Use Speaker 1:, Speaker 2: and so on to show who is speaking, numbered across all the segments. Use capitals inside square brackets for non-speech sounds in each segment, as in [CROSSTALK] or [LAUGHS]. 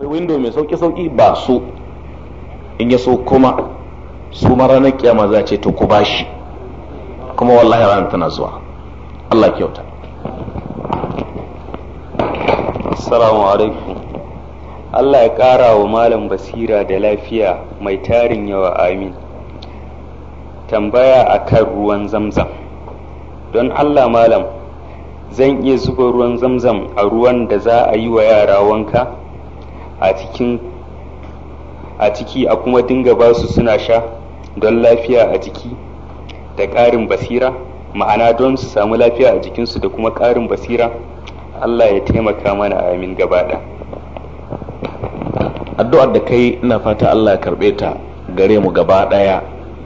Speaker 1: akwai window mai sauki sauki ba su in ya so kuma su mara ranar kiyama za ce to ku bashi kuma wallahi ranar tana zuwa Allah
Speaker 2: kyauta assalamu alaikum Allah ya ƙara wa malam basira da lafiya mai tarin yawa amin tambaya a kan ruwan zamzam don Allah malam zan iya zuba ruwan zamzam a ruwan da za a yi wa yara wanka a ciki a kuma dinga ba su suna sha don lafiya a jiki da ƙarin basira ma'ana don su samu lafiya a jikinsu da kuma ƙarin basira Allah ya taimaka mana amin da addu'ar da kai ina fata Allah ya karɓe ta gare mu gaba ɗaya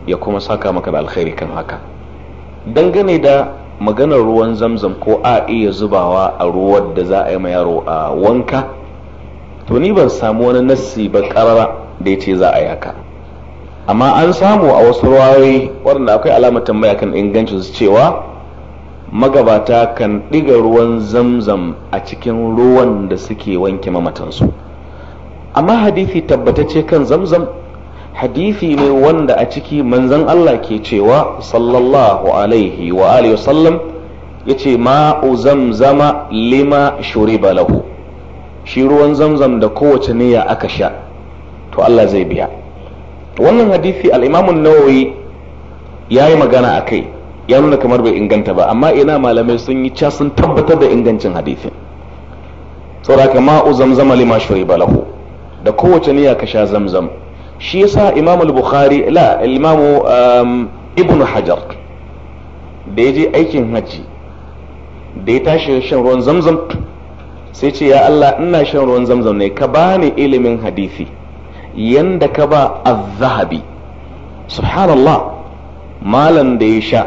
Speaker 1: ya kuma saka maka da alkhairi kan haka dangane da maganar ruwan zamzam ko a iya zubawa a ruwan da za a yi ma yaro a wanka to ni ban samu wani nassi ba karara da ya ce za a yi amma an samu a wasu ruwayoyi waɗanda akwai alamatan mayakan kan ingancin su cewa magabata kan ɗiga ruwan zamzam a cikin ruwan da suke wanke mamatansu amma hadithi tabbatacce kan zamzam hadithi ne wanda a ciki manzon Allah ke cewa sallallahu alaihi wa alihi wasallam ya ce ma'u zamzama lima shuriba lahu shi ruwan zamzam da kowace niyya aka sha to Allah zai biya wannan hadisi al-Imam nawawi ya yi magana a kai ya nuna kamar bai inganta ba amma ina malamai sun yi ca sun tabbatar da ingancin hadisin saboda ma'u zamzama lima Balahu balahu da kowace niyya ka sha zamzam shi yasa Imam al-Bukhari la Imam um, Ibn Hajar da ya je aikin hajji da ya tashi shan ruwan zamzam sai ce ya Allah ina shan ruwan zamzam ne ka bani ilimin hadisi yanda ka ba az-zahabi subhanallah malam da ya sha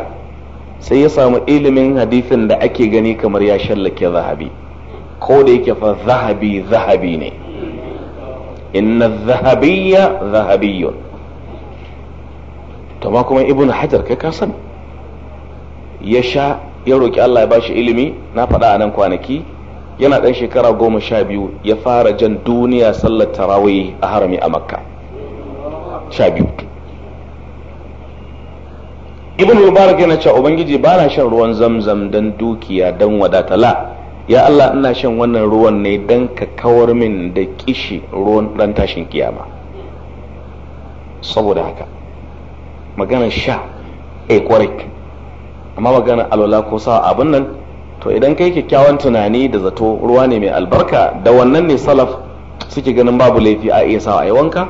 Speaker 1: sai ya samu ilimin hadisin da ake gani kamar ya shallake zahabi ko da yake fa zahabi zahabi ne inna zahabiyya zahabiyyun to ma kuma ibnu hajar kai ka sani ya sha ya roki Allah ya bashi ilimi na faɗa a nan kwanaki yana ɗan shekara goma sha biyu ya fara jan duniya sallar tarawih a harami a makka sha biyu ibn mubarak yana cewa ubangiji ba na shan ruwan zamzam don dukiya don wadatala, ya allah ina shan wannan ruwan ne don ka kawar min da kishi ruwan ɗan tashin kiyama saboda haka maganar sha a eh, kwarai amma maganar alwala ko sa abin nan to idan kai kyakkyawan tunani da zato ruwa ne mai albarka da wannan ne salaf suke ganin babu laifi a iya sa a yi wanka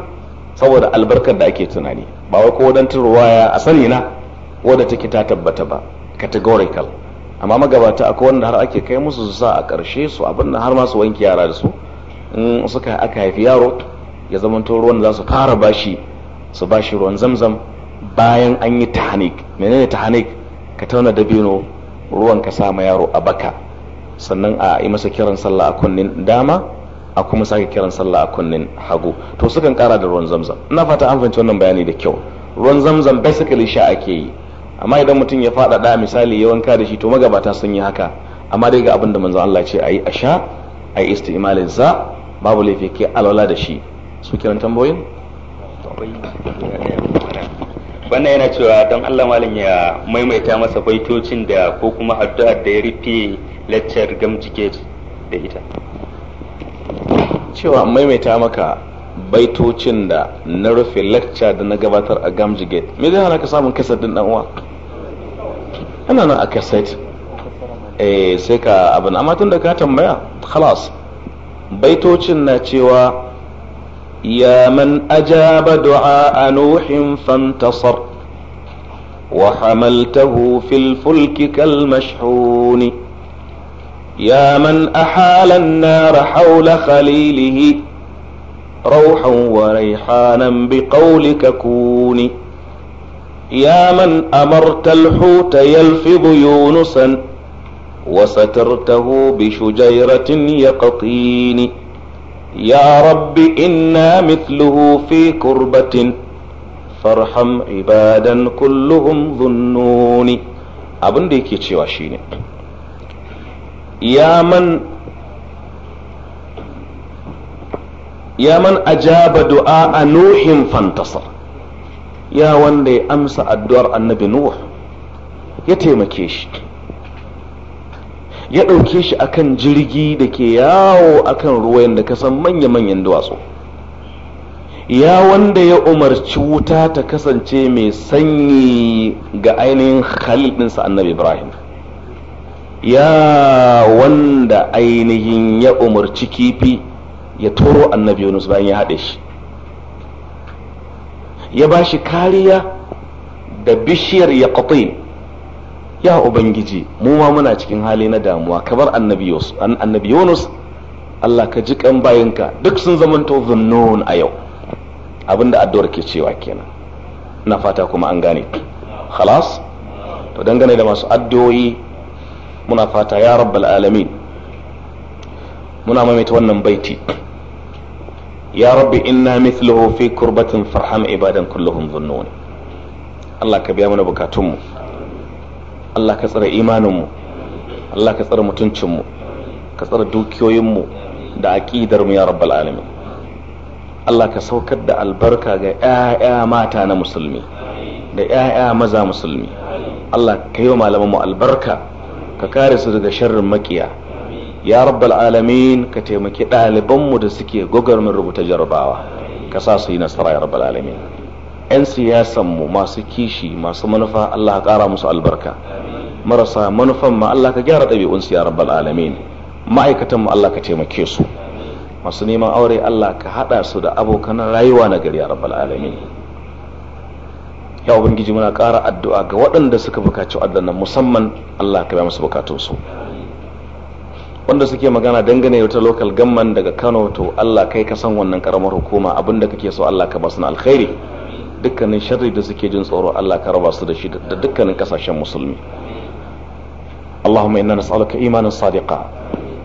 Speaker 1: saboda albarkar da ake tunani ba wai ko wadantar ruwaya a sani na wadda take ta tabbata ba categorical amma magabata akwai wanda har ake kai musu su sa a karshe su abin da har ma su wanke yara da su in suka aka haifi yaro ya zama to ruwan za su fara bashi su bashi ruwan zamzam bayan an yi tahanik menene tahanik ka tauna dabino ruwan ka sama yaro a baka sannan a yi masa kiran sallah a kunnin dama a kuma sake kiran sallah a kunnin hagu to sukan kara da ruwan zamzam ina fata an fahimci wannan bayani da kyau ruwan zamzam basically sha ake yi amma idan mutum ya da misali ya wanka da shi to magabata sun yi haka amma dai ga abin da manzon Allah ce ayi a sha ayi istimalin sa babu laifi ke alwala da shi su kiran tambayoyin
Speaker 2: wannan yana cewa don Allah malam ya maimaita masa baitocin da ko kuma addu'ar da ya rufe lecture gamjike da ita
Speaker 1: cewa maimaita maka baitocin da na rufe lecture da na gabatar a gamjigate me zai hana ka samun kaset din dan uwa ana nan a kaset eh sai ka abin amma tun da ka tambaya khalas baitocin na cewa يا من أجاب دعاء نوح فانتصر وحملته في الفلك كالمشحون يا من أحال النار حول خليله روحا وريحانا بقولك كوني يا من أمرت الحوت يلفظ يونسا وسترته بشجيرة يقطيني يا رب إنا مثله في كربة فارحم عبادا كلهم ظنوني أبن ديكي تشيواشيني يا من يا من أجاب دعاء نوح فانتصر يا وندي أمس الدور النبي نوح يتيمكيش ya ɗauke shi akan jirgi da ke yawo akan ruwa da kasan manya-manyan duwatsu ya wanda ya umarci wuta ta kasance mai sanyi ga ainihin khalil ɗinsa annabi ibrahim ya wanda ainihin ya umarci kifi ya toro annabi yunus bayan ya haɗe shi ya ba shi kariya da bishiyar ya ya ubangiji mu ma muna cikin hali na damuwa kabar annabi yunus annabi yunus Allah ka ji kan bayinka duk sun zama to zunnun a yau abinda addu'ar ke cewa kenan na fata kuma an gane khalas to dangane da masu addu'o'i muna fata ya rabbal alamin muna maimaita wannan baiti ya rabbi inna mithluhu fi kurbatin farham ibadan kulluhum dhunnun Allah ka biya mana bukatunmu Allah ka tsare imaninmu Allah ka tsare mutuncinmu ka tsare dukiyoyinmu da aƙidarmu ya rabbal alamin Allah ka saukar da albarka ga 'ya'ya mata na musulmi da 'ya'ya maza musulmi Allah ka yi wa malamanmu albarka ka kare su daga sharrin makiya ya rabbal alamin ka taimaki ɗalibanmu da suke gogarmin rubuta jarabawa ka sa su yi nasara ya rabbal alamin 'yan mu masu kishi masu manufa Allah ka ƙara musu albarka marasa manufan ma Allah ka gyara ɗabi'un ya rabbal alamin ma'aikatan mu Allah ka taimake su masu neman aure Allah ka haɗa su da abokan rayuwa na gari ya rabbal alamin ya ubangiji muna ƙara addu'a ga waɗanda suka bukaci addanan musamman Allah ka ba musu su wanda suke magana dangane wata local gamman daga Kano to Allah kai ka san wannan karamar hukuma abinda kake so Allah ka ba su na alkhairi dukkanin sharri da suke jin tsoro Allah ka raba su da shi da dukkanin kasashen musulmi اللهم إنا نسألك إيمانا صادقا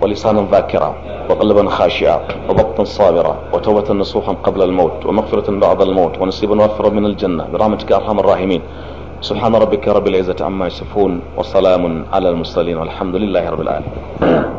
Speaker 1: ولسانا ذاكرا وقلبا خاشعا وبطنا صابرا وتوبة نصوحا قبل الموت ومغفرة بعد الموت ونصيبا وافرا من الجنة برحمتك أرحم الراحمين سبحان ربك رب العزة عما يصفون وسلام على المرسلين والحمد لله رب العالمين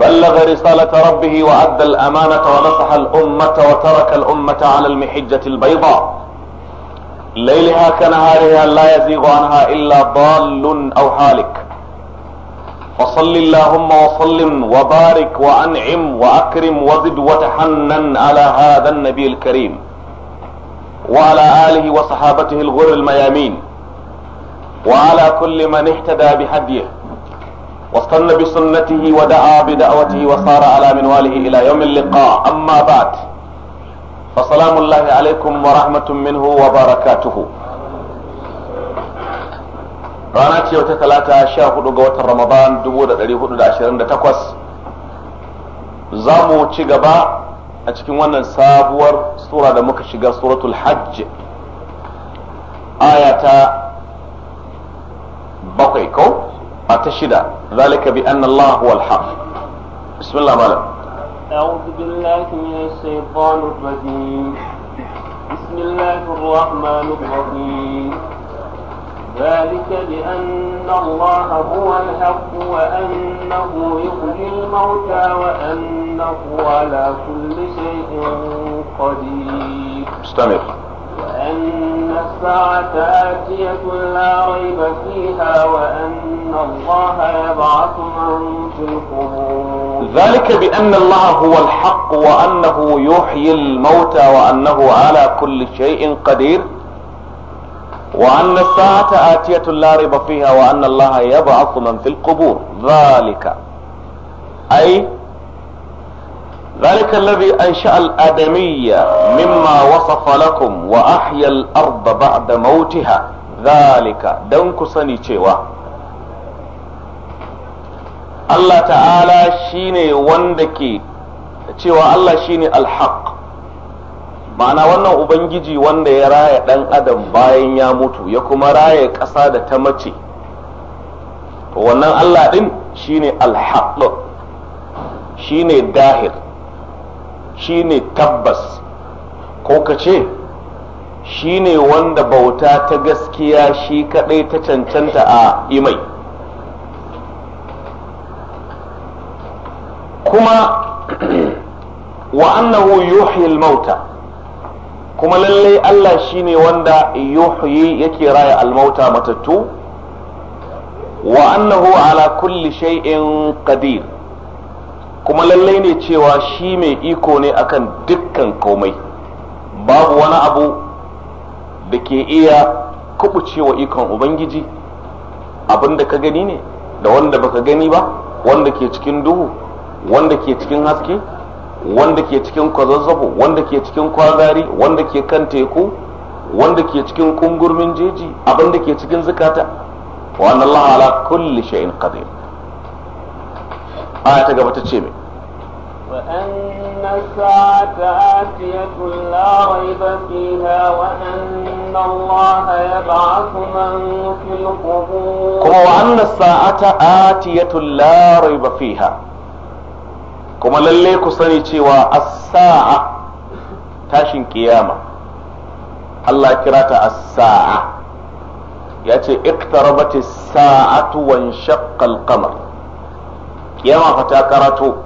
Speaker 1: بلغ رسالة ربه وأدى الأمانة ونصح الأمة وترك الأمة على المحجة البيضاء ليلها كنهارها لا يزيغ عنها إلا ضال أو هالك فصل اللهم وسلم وبارك وأنعم وأكرم وزد وتحنن على هذا النبي الكريم وعلى آله وصحابته الغر الميامين وعلى كل من اهتدى بهديه واستنى بسنته ودعا بدعوته وصار على منواله إلى يوم اللقاء أما بعد فسلام الله عليكم ورحمة منه وبركاته rana ce wata talata sha hudu ga watan ramadan dubu da dari hudu da ashirin da takwas za mu ci gaba a cikin wannan sabuwar sura da muka shiga suratul hajj aya ta bakwai ko أتشدا ذلك بأن الله هو الحق بسم الله مالا
Speaker 3: أعوذ بالله من الشيطان الرجيم بسم الله الرحمن الرحيم ذلك بأن الله هو الحق وأنه يحيي الموتى وأنه على كل شيء قدير استمر وأن الساعة آتية لا ريب فيها وأن الله يبعث من في القبور ذلك بأن الله هو الحق وأنه
Speaker 1: يحيي الموتى وأنه على كل شيء قدير وأن الساعة آتية لا ريب فيها وأن الله يبعث من في القبور ذلك أي ذلك الذي أنشأ الآدمية مما وصف لكم وأحيا الأرض بعد موتها ذلك دونك سني cewa Allah ta'ala shine wanda ke cewa Allah alhaq ma'ana wannan ubangiji wanda ya raya dan adam bayan ya mutu ya kuma raya ƙasa da ta mace wannan Allah din shine alhaq shine dahir Shi ne tabbas ko ka ce Shi ne wanda bauta ta gaskiya shi kadai ta cancanta a imai kuma [CLEARS THROAT] wa yi mauta kuma lallai Allah shi ne wanda yuhyi yake raya almauta matattu waannahu ala kulli shay'in qadir kuma lallai ne cewa shi mai iko ne akan dukkan komai babu wani abu da ke iya kubucewa ikon ubangiji abin da ka gani ne da wanda baka gani ba wanda ke cikin duhu wanda ke cikin haske wanda ke cikin kwazazzabo wanda ke cikin kwazari wanda ke kan teku wanda ke cikin kungurmin jeji abin da ke cikin zukata wa Allah ala kulli shay'in qadir a تقبل تتشيمي
Speaker 3: وأن الساعة آتية لا ريب فيها وأن الله يبعث من في القبور
Speaker 1: وأن الساعة آتية لا ريب فيها kuma lalle ku sani cewa as-sa'a tashin kiyama Allah kira ta as-sa'a ya ce iqtarabat as-sa'atu wa al kiyama fa karato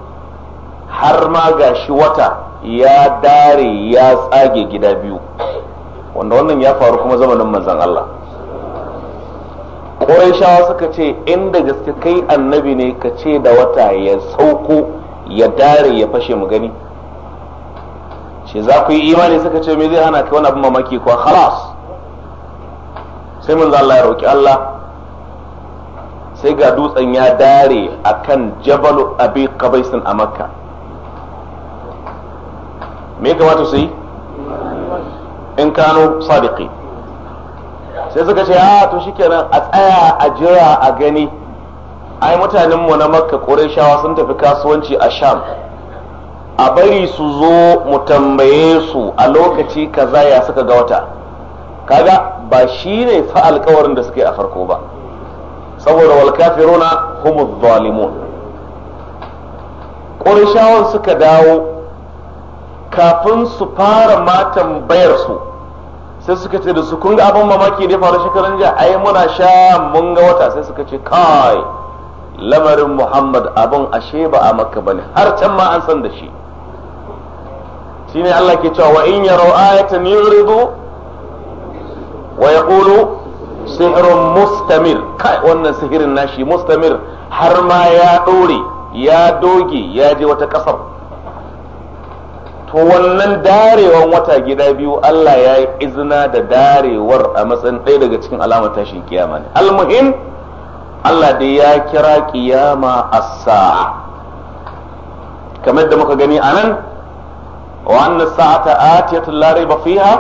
Speaker 1: har ma gashi wata ya dare ya tsage gida biyu wanda wannan ya faru kuma zamanin manzan Allah shawa suka ce inda gaske kai annabi ne ka ce da wata ya sauko ya dare ya fashe mu gani shi za ku yi imani suka ce me zai hana kai wani abin mamaki kuwa khalas sai mun Allah ya roƙi Allah sai ga dutsen ya dare a akan jabalu abi kabaisin a makka me kamata su yi in kano sadiki sai suka ce a ah, to shikenan a tsaya a jira a gani ai mutanen mu na makka ƙurashawa sun tafi kasuwanci a sham a bari su zo mu tambaye su a lokaci kaza ya suka ga wata kaga ba shi ne fa alkawarin da suke a farko ba saboda wal kafiruna humuz zalimun qurayshawan suka dawo kafin su fara matan bayar su sai suka ce da su kun ga abin mamaki da ya faru shekaran jiya ai muna sha mun ga wata sai suka ce kai lamarin muhammad abin ashe ba a maka bane har can ma an san da shi shine Allah ke cewa wa in yarau ayatan yuridu wa yaqulu sihirin mustamir kai wannan sihirin nashi mustamir har ma ya ɗore ya doge ya je wata ƙasar to wannan darewan wata gida biyu Allah ya yi izina da darewar a matsayin ɗaya daga cikin alamar tashin kiyama ne almuhim Allah dai ya kira kiyama a saa kamar da muka gani a anan wa anna sa'ata atiyatu la fiha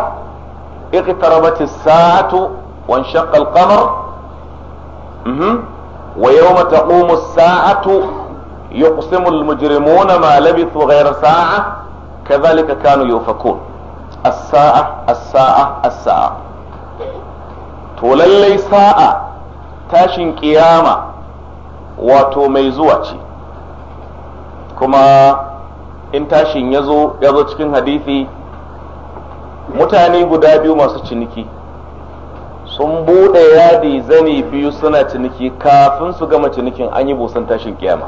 Speaker 1: iqtarabat as-sa'atu وانشق القمر ويوم تقوم الساعة يقسم المجرمون ما لبثوا غير ساعة كذلك كانوا يؤفكون الساعة الساعة الساعة تولي ساعة تاشن قيامة wato mai zuwa ce kuma in tashin ya zo ya zo cikin hadithi mutane guda biyu masu ciniki sun bude yadi zani biyu suna ciniki kafin su gama cinikin an yi busan tashin kiyama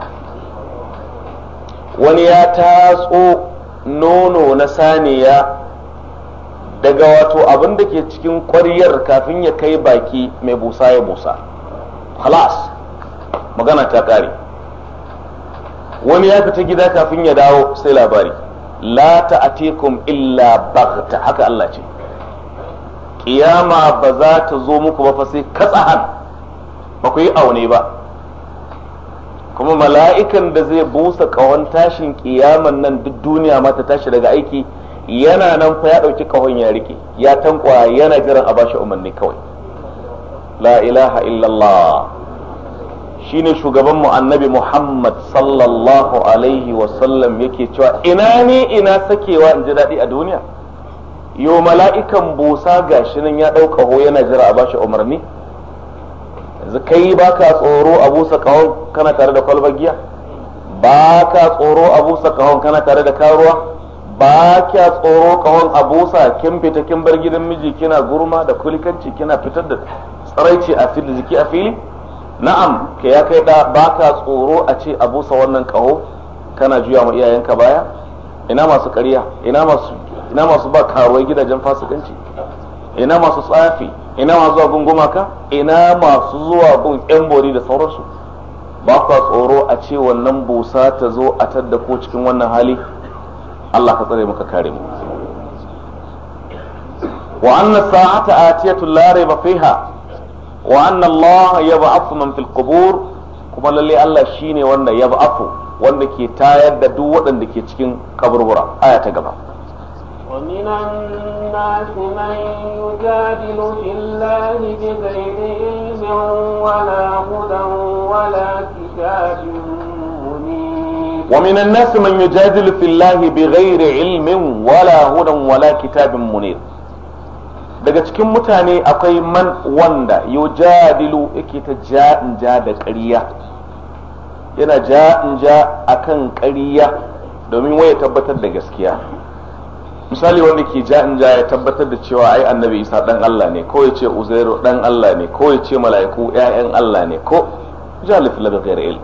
Speaker 1: wani ya tatso nono na saniya daga wato abin da ke cikin ƙwariyar kafin ya kai baki mai busa ya busa halas magana ta ƙare wani ya fita gida kafin ya dawo sai labari la ta'atikum illa baghta haka Allah ce kiyama ba za ta zo muku ba fa sai katsahan ba ku yi aune ba kuma mala'ikan da zai busa kahon tashin kiyaman nan duk duniya ma ta tashi daga aiki yana nan fa ya ɗauki kahon ya rike ya tankwa yana jiran a bashi umarni kawai la ilaha illallah shine shugaban mu annabi muhammad sallallahu alaihi wasallam yake cewa ina ne ina sakewa in ji daɗi a duniya yo mala'ikan bosa gashi nan ya ɗauka ho yana jira a bashi umarni yanzu kai ba ka tsoro a busa kahon kana tare da kwalbar giya ba ka tsoro a busa kahon kana tare da karuwa ba kya tsoro kahon a busa kin fita kin bar gidan miji kina gurma da kulikanci kina fitar da tsaraici a fili jiki a fili na'am ka ya kai da ba ka tsoro a ce a busa wannan kaho kana juya ma iyayenka baya ina masu ƙarya ina masu ina masu ba karuwai gidajen fasikanci ina masu tsafi ina masu zuwa gun gumaka ina masu zuwa gun yan bori da sauransu ba kwa tsoro a ce wannan busa ta zo a tadda ko cikin wannan hali Allah ka tsare muka kare mu wa anna sa'ata atiyatu la rayba fiha wa anna Allah yab'athu man fil qubur kuma lalle Allah shine wanda yab'athu wanda ke tayar da duk waɗanda ke cikin kaburbura aya ta gaba
Speaker 3: ومن الناس من يجادل في الله بغير علم ولا هدى ولا كتاب
Speaker 1: ومن الناس من يجادل في الله بغير علم ولا هدى ولا كتاب منير daga cikin mutane akwai man wanda yujadilu yake ta ja in da ƙarya yana ja in akan ƙarya domin waya tabbatar da gaskiya misali wanda ke ja in ja ya tabbatar da cewa ai annabi isa dan Allah ne ko ya ce uzairu dan Allah ne ko ya ce mala'iku ƴaƴan Allah ne ko jalif la ghayr il.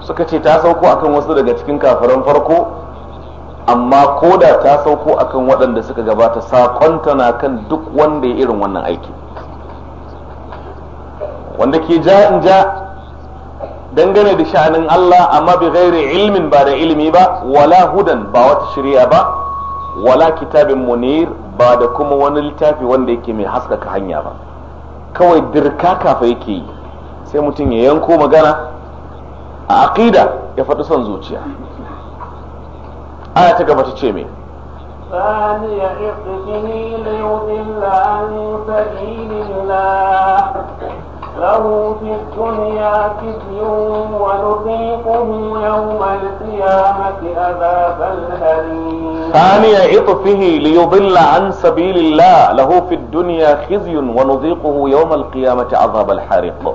Speaker 1: suka ce ta sauko akan wasu daga cikin kafiran farko amma ko da ta sauko akan waɗanda suka gabata sakonta na kan duk wanda ya irin wannan aiki wanda ke ja in ja dangane da sha'anin Allah amma bi ghairi ilmin ba da ilimi ba wala hudan ba wata shirya ba wala kitabin munir ba da kuma wani littafi wanda yake mai haskaka hanya ba kawai dirka kafa yake yi sai mutum ya yanko magana a aqida ya faɗi son zuciya aya ta gaba ta ce me
Speaker 3: ثاني عقده ليضل عن سبيل الله له في الدنيا خزي ونذيقه يوم القيامة عذاب الهريم
Speaker 1: ثاني عطفه ليضل عن سبيل الله له في الدنيا خزي ونذيقه يوم القيامة عذاب الحريق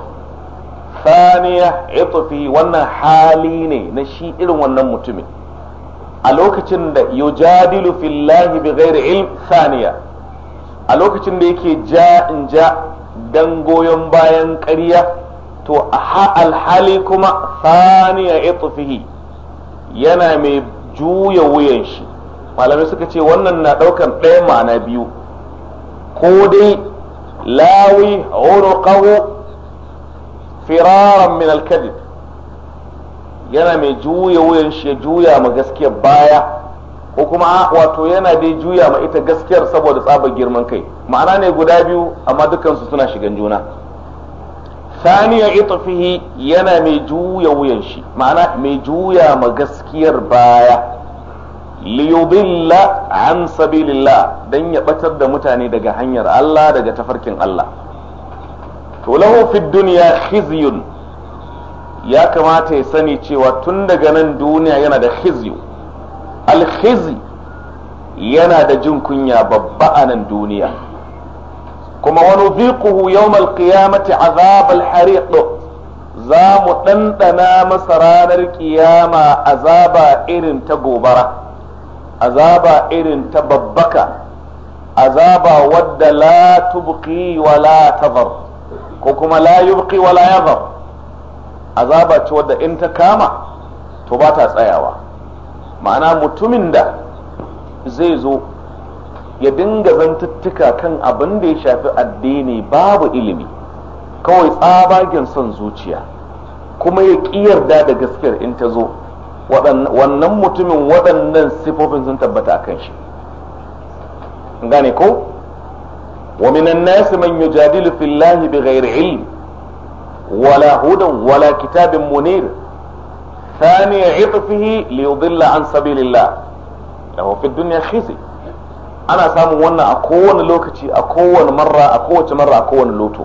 Speaker 1: ثاني عطفه وانا حاليني نشيئر وانا متمن a lokacin da yujadilu fillahi bi ghairi ilm thaniya a lokacin da yake ja in ja dan goyon bayan ƙarya to a alhali kuma saniya itufihi yana mai juya wuyan shi malamai suka ce wannan na ɗaukan ɗaya ma'ana biyu ko dai lawi unuqahu firaran min alkadib yana mai juya wuyan shi ya juya ma gaskiya baya ko kuma wato yana dai juya ma ita gaskiyar saboda tsabar girman kai ma'ana ne guda biyu amma dukansu suna shigan juna saniya itafihi yana mai juya wuyan shi ma'ana mai juya ma gaskiyar baya liyudilla an sabilillah dan ya batar da mutane daga hanyar Allah daga tafarkin Allah to lahu fid dunya khizyun ya kamata ya sani cewa tun daga nan duniya yana da khizyu alkhizi yana da jin kunya babba a nan duniya kuma wani ziquhu yau qiyamati azab al za mu ɗanɗana masa ranar ƙiyama azaba irin ta gobara azaba irin ta babbaka azaba wadda la tubqi wa la tazar ko kuma la yubqi wa la yazar azaba ce wadda in ta kama to ba ta tsayawa ma'ana mutumin da zai zo ya dinga zantuttuka kan abin da ya shafi addini babu ilimi kawai tsabagen son zuciya kuma ya ƙi yarda da gaskiyar in ta zo wannan mutumin waɗannan sifofin sun tabbata a kan shi gane ko wa minan nasi man yujadilu fillahi bighairi ilm wala hudan wala kitabin munir ثاني عطفه ليضل عن سبيل الله له في الدنيا خزي ana samun wannan a kowane lokaci a kowane marra a kowace a loto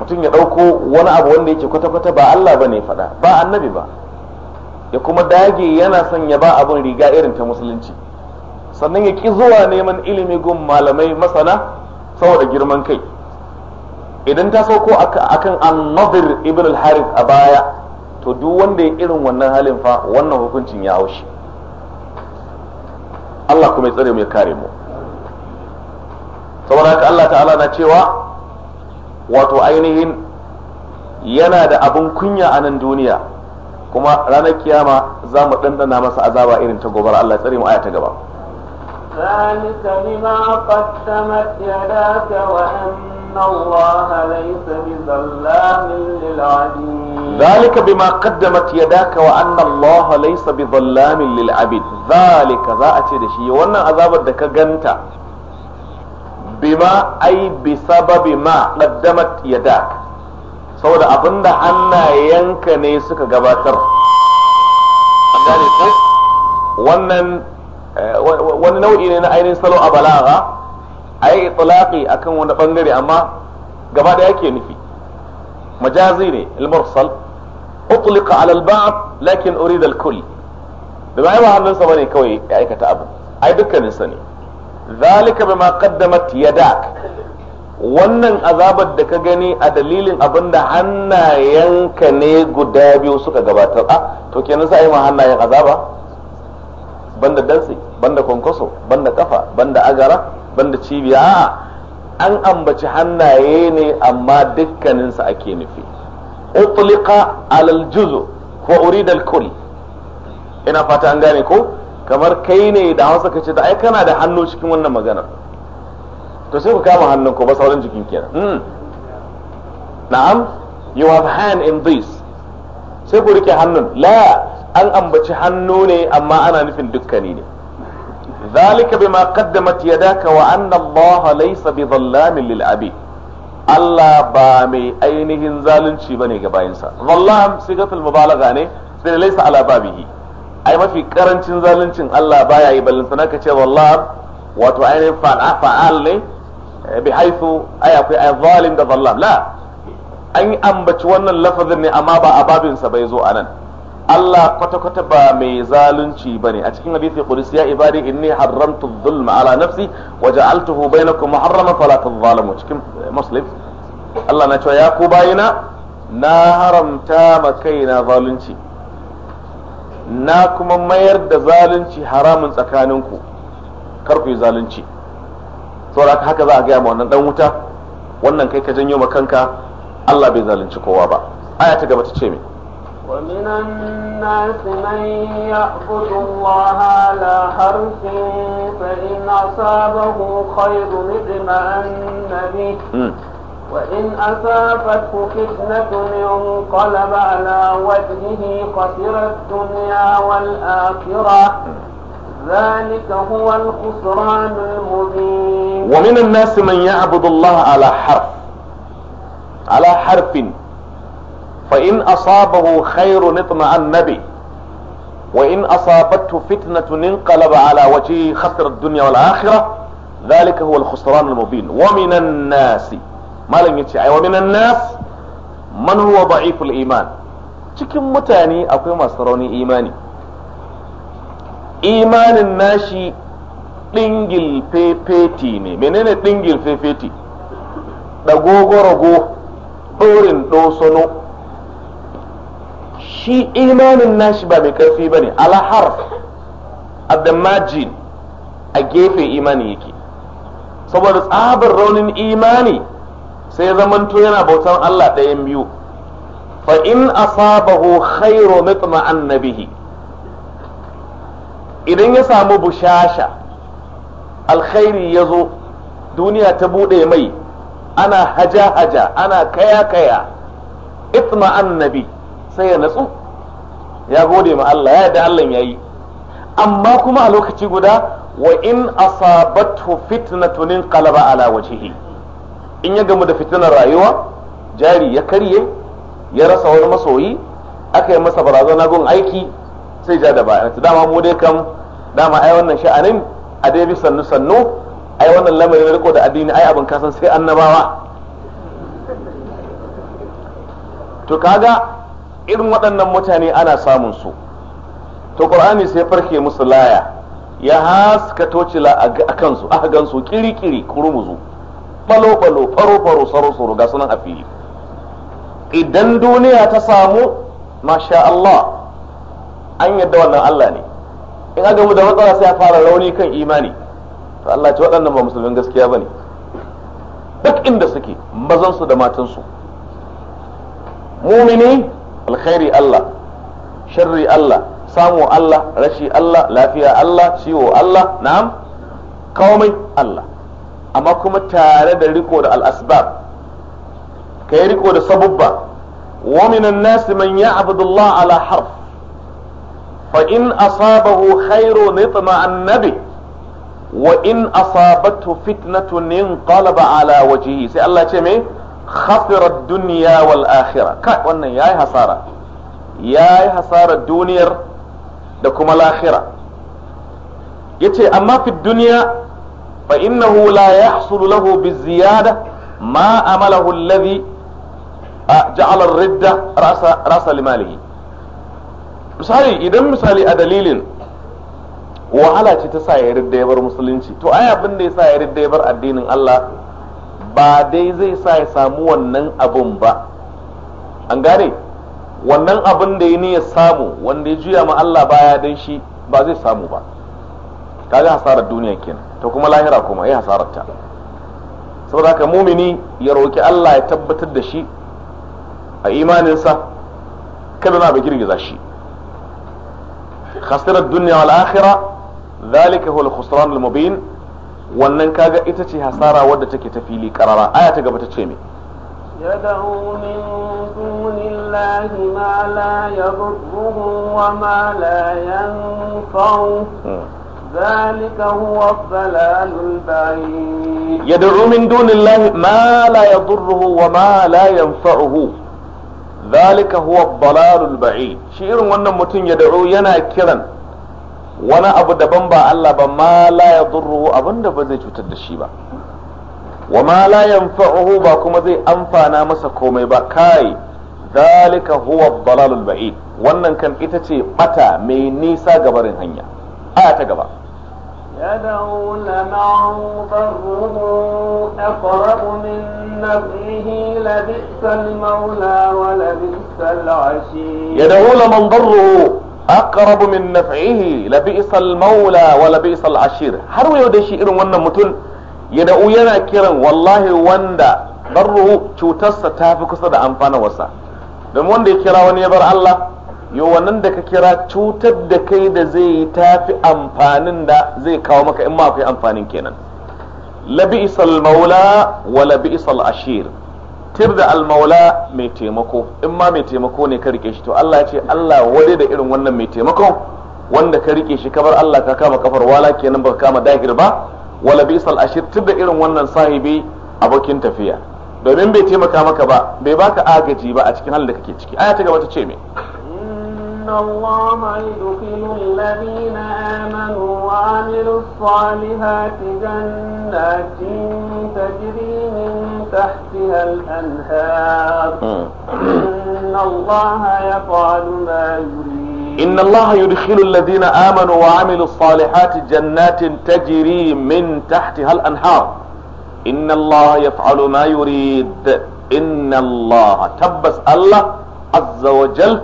Speaker 1: mutum ya ɗauko wani abu wanda yake kwata-kwata ba Allah ba ne faɗa ba annabi ba ya kuma dage yana son ya ba abin riga irin ta musulunci sannan ya ƙi zuwa neman ilimi gun malamai masana saboda girman kai idan ta sauko akan annadir ibn al-harith a baya to duk wanda ya irin wannan halin fa wannan hukuncin ya haushi Allah kuma ya tsare mu ya kare mu saboda haka Allah ta'ala na cewa wato ainihin yana da abin kunya a nan duniya kuma ranar kiyama za mu ɗanɗana masa azaba irin ta gobara Allah tsare mu aya ta gaba
Speaker 3: ذلك بما قدمت يداك وأن الله ليس بظلام للعبيد
Speaker 1: ذلك بما قدمت يداك وأن الله ليس بظلام للعبيد ذلك ذا أتدشي وانا عذاب دك جنتا بما أي بسبب ما قدمت يداك saboda abinda hannayenka ne suka gabatar wannan wani nau'i ne na ainihin salo a balaga ai itlaqi akan wani bangare amma gaba da yake nufi majazi ne al-mursal utliqa ala al-ba'd lakin urid al-kull da ba ba hannunsa bane kawai ya aikata abu ai dukkanin sa ne zalika bima qaddamat yadak wannan azabar da ka gani a dalilin abinda hannayenka ne guda biyu suka gabatar a ah, to kenan sai ma hannayen azaba banda dantsi banda kwankwaso banda kafa banda agara banda cibiya a an ambaci hannaye ne amma dukkaninsa ake nufi utliqa alal juzu wa urida al kull ina fata an gane ko kamar kai ne da Hausa kace da ai kana da hannu cikin wannan maganar to sai ku kama hannun ko ba sauran jikin kenan hmm. na'am you have hand in this sai ku rike hannun la an ambaci hannu ne amma ana nufin dukkani ne ذلك بما قدمت يداك وأن الله ليس بظلام للعبيد Allah ba mai ainihin zalunci bane ga bayansa zallam sigatul mubalagha ne sai da laysa ala babihi ai mafi karancin zaluncin Allah baya yi balin sana kace zallam wato ainihin fa'al ne bi haythu ai akwai ai zalim da zallam la an ambaci wannan lafazin ne amma ba a bai zo anan Allah kwata-kwata ba mai zalunci ba ne a cikin hadisi kudus ya ibadi inni haramtu zulma ala nafsi wa ja'altuhu bainakum muharrama fala tadhalamu cikin muslim Allah na cewa ya ku bayina na haramta ma kaina zalunci na kuma mayar da zalunci haramun tsakaninku kar ku yi zalunci saboda haka za a gaya ma wannan dan wuta wannan kai ka janyo ma kanka Allah bai zalunci kowa ba aya ta gaba ta ce min.
Speaker 3: ومن الناس من يعبد الله على حرف فإن أصابه خير اطمأن به وإن أصابته فتنة انقلب على وجهه خسر الدنيا والآخرة ذلك هو الخسران المبين
Speaker 2: ومن
Speaker 1: الناس من يعبد الله على حرف على حرف فإن أصابه خير نطمع النبي وإن أصابته فتنة انقلب على وجهه خسر الدنيا والآخرة ذلك هو الخسران المبين ومن الناس ما لم يتعي ومن الناس من هو ضعيف الإيمان cikin mutane akwai masu rauni imani imanin nashi ɗingil fefeti ne menene ɗingil fefeti ɗagogo rago ɗorin ɗosono shi imanin nashi ba mai karfi ba ne alahar adamajin a gefe imani yake saboda tsabar raunin imani sai zamanto yana bautan Allah ɗayan biyu fa in asabahu khairu mutma'an bihi idan ya samu bushasha alkhairi ya zo duniya ta buɗe mai ana haja-haja ana kaya-kaya itma'an nabi sai ya natsu ya gode ma Allah ya yarda Allah ya yi amma kuma a lokaci guda wa in asabathu fitnatun qalaba ala wajhihi in ya gamu da fitinar rayuwa jari ya karye ya rasa wani masoyi aka yi masa barazana gun aiki sai ja da baya dama mu dai kam dama ai wannan sha'anin a dai sannu sannu ai wannan lamarin na riko da addini ai abin kasan sai annabawa to kaga irin waɗannan mutane ana samun su to qur'ani sai farke musu laya ya haska tocila a kansu a gansu kiri-kiri balo-balo faro-faro saro-saro ga sunan a fili idan duniya ta samu masha Allah an yadda wannan Allah ne in aka mu da matsala sai a fara rauni kan imani to Allah ce waɗannan ba musulmin gaskiya bane duk inda suke mazan su da matan matansu mumini alkhairi Allah sharri Allah samu Allah rashi Allah lafiya Allah ciwo Allah na'am komai Allah amma kuma tare da riko da al'asbab kai riko da sabubba wa minan nasi man ya'budu Allah ala harf fa in asabahu khairu nitma annabi wa in fitnatu fitnatun inqalaba ala wajhihi sai Allah ce me khasirar duniya wal akhira kai wannan yayi hasara yayi hasarar duniyar da kuma lahira yace amma fi duniya fa innahu la yahsulu lahu bi ziyada ma amalahu alladhi ja'ala ridda rasa rasa limalihi misali idan misali a dalilin wahala ce ta sa ya ridda ya bar musulunci to ai abin da ya sa ya ridda ya bar addinin Allah ba dai zai sa ya samu wannan abun ba an gane wannan abin da ya ni ya samu wanda ya juya ma Allah baya dan shi ba zai samu ba kaga hasarar duniya kenan to kuma lahira kuma ai hasarar ta saboda haka mumini ya roki Allah ya tabbatar da shi a imaninsa kada na ba girgiza shi khasirar duniya wal akhirah zalika huwa al-khusran al-mubin wannan kaga ita ce hasara wadda take ta fili karara aya ta gaba ta ce me
Speaker 3: yad'u min dunillahi ma la yadurruhu wa ma la yanfa'u dalika hmm. huwa dhalalul bayyin yad'u min
Speaker 1: ma la yadurruhu wa ma la huwa dhalalul bayyin shi irin wannan mutum ya da'u yana kiran wani abu daban ba Allah ba ma la ya durruhu abinda ba zai cutar da shi ba wa ma la yanfa'uhu ba kuma zai amfana masa komai ba kai zalika huwa dalalul ba'id wannan kan ita ce bata mai nisa gabarin hanya aya ta gaba
Speaker 3: يدعون معه ضره أقرب من نفعه لبئس المولى ولبئس العشير يدعون من ضره
Speaker 1: aqrabu min naf'ihi la maula wa ashir har yau da shi irin wannan mutum ya da'u yana kiran wallahi wanda barruhu cutarsa ta fi kusa da wasa don wanda ya kira wani ya bar Allah yo wannan da ka kira cutar da kai da zai yi ta fi amfanin da zai kawo maka in ma akwai amfanin kenan la bi'sal maula wa la bi'sal ashir tir da almaula mai taimako in ma mai taimako ne ka rike shi to Allah ya ce Allah ware da irin wannan mai taimako wanda ka rike shi kamar Allah ka kama kafar wala kenan ba ka kama dahir ba wala bisal ashir tir da irin wannan sahibi abokin tafiya domin bai taimaka maka ba bai baka agaji ba a cikin halin da kake ciki aya ta gaba ta ce me
Speaker 3: إن الله يدخل الذين آمنوا وعملوا الصالحات جنات تجري من تحتها الأنهار آه. إن الله يفعل ما يريد
Speaker 1: إن الله يدخل الذين آمنوا وعملوا الصالحات جنات تجري من تحتها الأنهار إن الله يفعل ما يريد إن الله تبس الله عز وجل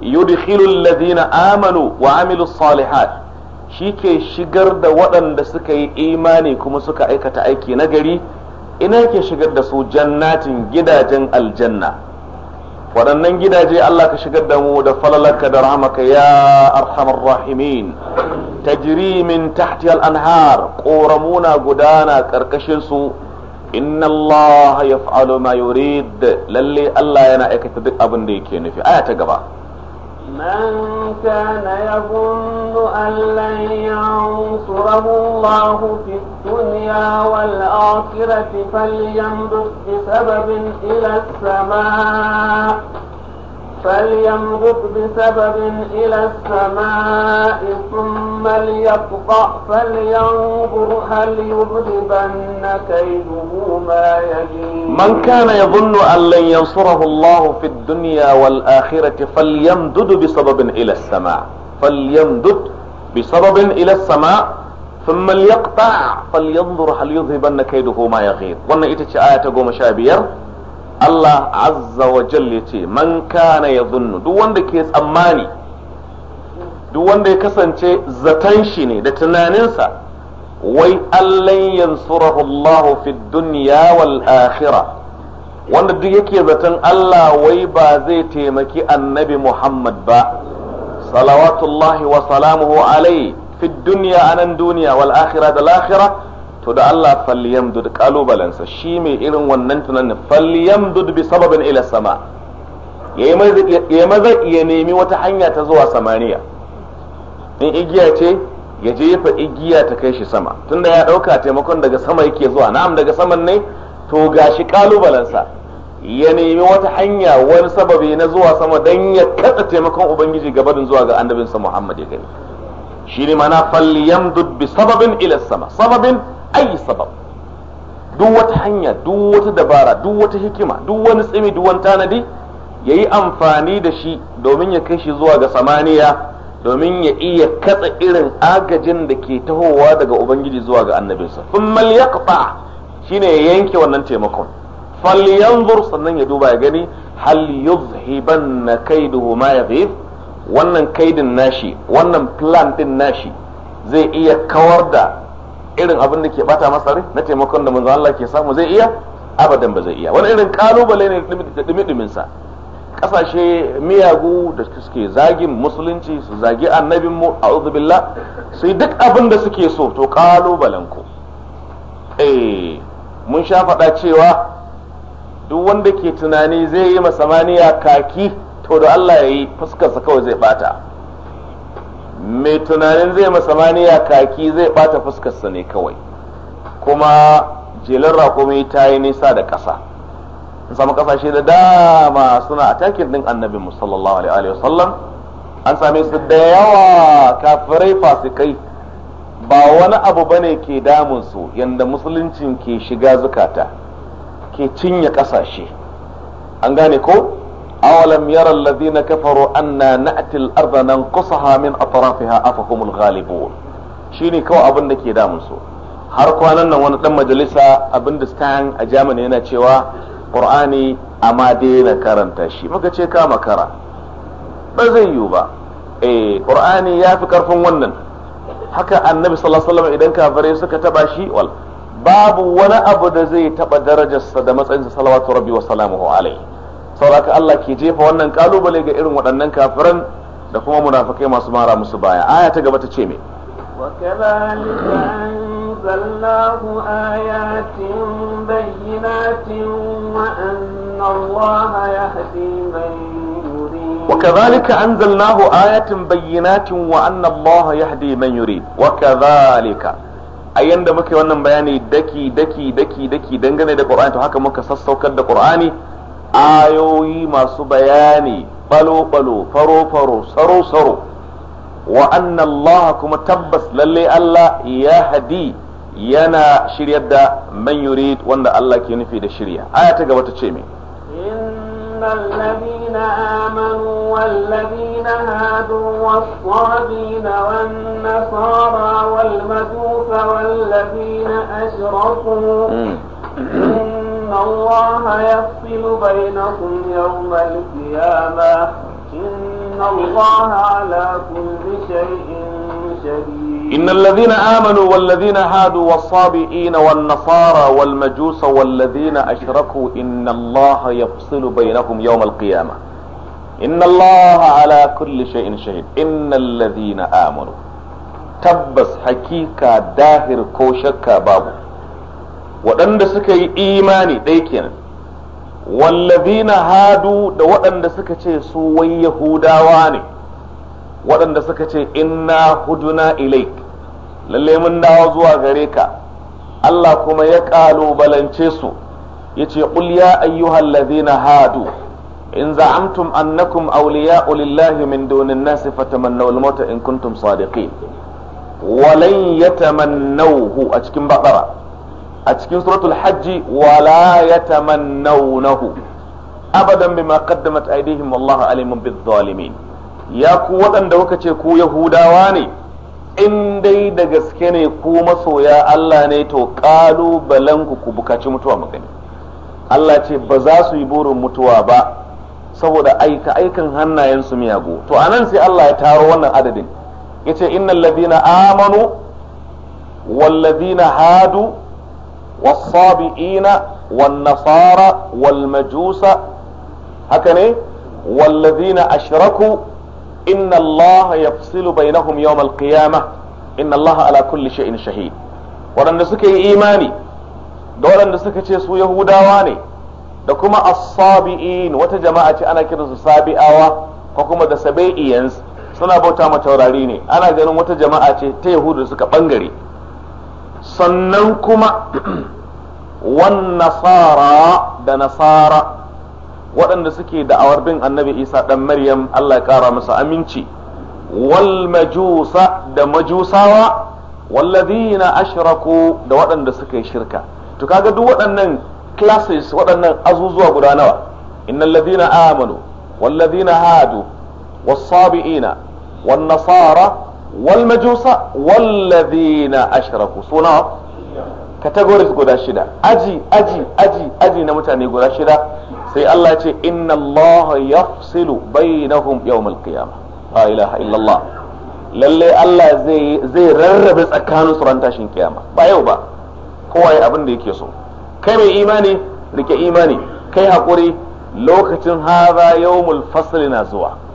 Speaker 1: yudkhilul ladina amanu wa amilus salihat shi ke shigar da waɗanda suka yi imani kuma suka aikata aiki na gari ina ke shigar da su jannatin gidajen aljanna waɗannan gidaje Allah ka shigar da mu da falalarka da rahamaka ya arhamar rahimin tajri min tahti anhar ƙoramuna gudana ƙarƙashin su inna Allah yaf'alu ma yurid lalle Allah yana aikata duk abinda da yake nufi aya ta gaba
Speaker 3: من كان يظن أن لن ينصره الله في الدنيا والآخرة فليمدد بسبب إلى السماء فليمغط بسبب إلى السماء ثم ليقطع فلينظر هل يذهبن كيده ما يجيب من
Speaker 1: كان يظن أن لن ينصره الله في الدنيا والآخرة فليمدد بسبب إلى السماء فليمدد بسبب إلى السماء ثم ليقطع فلينظر هل يذهبن كيده ما يغيب وانا ايتش آية قوم شابير Allah azza wa jal ya ce man kana ya zunnu duk wanda ke tsammani duk wanda ya kasance zaton shi ne da tunaninsa wai allan yansurahu Allah fi dunya wal akhirah wanda duk yake zaton Allah wai ba zai taimaki annabi Muhammad ba salawatullahi wa salamuhu alai fi dunya anan duniya wal akhirah da akhirah to da Allah falyamdud kalubalansa shi mai irin wannan tunanin dud bi sababin ila sama ya maza ya nemi wata hanya ta zuwa samaniya in igiya ce ya jefa igiya ta kai shi sama tunda ya dauka taimakon daga sama yake zuwa na'am daga saman ne to gashi kalubalansa ya nemi wata hanya wani sababi na zuwa sama don ya kada taimakon ubangiji gabanin zuwa ga annabinsa muhammad ya gani shiri mana falyamdud bi sababin ila sama sababin ayi sabab duk wata hanya duk wata dabara duk wata hikima duk wani tsimi duk wani tanadi yayi amfani da shi domin ya kai shi zuwa ga samaniya domin ya iya katsa irin agajin da ke tahowa daga ubangiji zuwa ga annabinsa thummal yaqta shine ya yanke wannan taimakon falyanzur sannan ya duba ya gani hal kai kaiduhu ma yadhib wannan kaidin nashi wannan plan din nashi zai iya kawar da irin abin da ke bata masa rai na taimakon da manzo Allah ke samu zai iya abadan ba zai iya wani irin kalubale ne da dimidimin sa kasashe miyagu da suke zagin musulunci su zagi annabin mu a'udhu billah sai duk abin da suke so to kalubalen ku eh mun sha faɗa cewa duk wanda ke tunani zai yi masamaniya kaki to da Allah ya yi fuskarsa kawai zai bata mai tunanin zai masa maniya kaki zai bata fuskarsa ne kawai kuma jelar rakumi ta yi nisa da ƙasa an samu ƙasashe da dama suna a takin din annabi musallallahu alaihi wasallam an same su da yawa kafirai fasikai ba wani abu bane ke damun su yadda musuluncin ke shiga zukata ke cinye ƙasashe an gane ko أولم يرى الذين كفروا أنا نأتي الأرض ننقصها من أطرافها أفهم الغالبون shine kawai abin da ke damun su har kwanan nan wani dan majalisa abin da stan a Germany yana cewa Qur'ani amma daina karanta shi muka ce ka makara ba zai yiwu ba eh Qur'ani ya fi karfin wannan haka annabi sallallahu alaihi wasallam idan kafirai suka taba shi babu wani abu da zai taɓa darajarsa da matsayinsa wa sauraka Allah ke jefa wannan kalubale ga irin waɗannan kafiran da kuma munafikai masu mara musu baya aya ta gaba ta ce me
Speaker 3: وكذلك أنزلناه آيات بينات وأن الله يهدي من
Speaker 1: وكذلك أنزلناه آيات بينات وأن الله يهدي من يريد وكذلك a yanda muke wannan bayani daki daki daki daki dangane da Qur'ani to haka muka sassaukar da ƙur'ani. ayoyi masu bayani balo-balo faro-faro saro-saro wa anna Allah kuma tabbas lalle Allah ya hadi yana shiryar da man yurid wanda Allah ke nufi da shirya aya ta gaba ta ce me
Speaker 3: إن الذين آمنوا والذين هادوا والصابين والنصارى والمجوس والذين أشركوا إن الله يفصل بينكم يوم القيامة إن الله على كل شيء
Speaker 1: شديد إن الذين آمنوا والذين هادوا والصابئين والنصارى والمجوس والذين أشركوا إن الله يفصل بينهم يوم القيامة إن الله على كل شيء شهيد إن الذين آمنوا تبس حقيقة داهر كوشك بابو waɗanda suka yi imani ɗaya kenan wallazina hadu da waɗanda suka ce su wai yahudawa ne waɗanda suka ce inna huduna ilaik lalle mun dawo zuwa gare ka Allah kuma ya ƙalubalance su ya ce ya ayyuhal lazina hadu in za'amtum annakum awliya'u lillahi min dunin nasi fatamannaw al in kuntum sadiqin walan yatamannawhu a cikin baƙara a cikin suratul hajji wala tamannaunahu abadan bima qaddamat aydihim wallahu alimun bizzalimin ya ku waɗanda kuka ce ku yahudawa ne in dai da gaske ne ku masoya Allah ne to kalubalen balanku ku bukaci mutuwa magani Allah ce ba za su yi burin mutuwa ba saboda aika aikan hannayen su miyagu to anan sai Allah ya taro wannan adadin yace innal ladina amanu wal ladina hadu والصابئين والنصارى والمجوس هكذا والذين أشركوا إن الله يفصل بينهم يوم القيامة إن الله على كل شيء شهيد waɗanda suka yi imani da waɗanda suka ce su yahudawa ne da kuma as-sabi'in wata jama'a ce ana kiransu sabi'awa ko kuma da sabi'iyans suna bauta ma taurari ne ana ganin wata jama'a ce ta yahudu suka bangare sannan kuma wan nasara da nasara waɗanda suke da'awar bin annabi isa ɗan maryam allah ya ƙara masa aminci wal majusa da majusawa wallazina ashraku da waɗanda suka yi shirka to kaga duk waɗannan classes waɗannan azuzuwa guda nawa innal ladina amanu wal ladina hadu was sabiina wan nasara walmajusa majusa wallazina ashraku suna categories guda shida aji aji aji aji na mutane guda shida sai Allah ce inna Allah yafsilu bainahum yawmal qiyamah la ilaha illallah lalle Allah zai rarrabe tsakanin su tashin kiyama ba yau ba kowa ya abin da yake so kai mai imani rike imani kai haƙuri lokacin hadha yawmul fasl na zuwa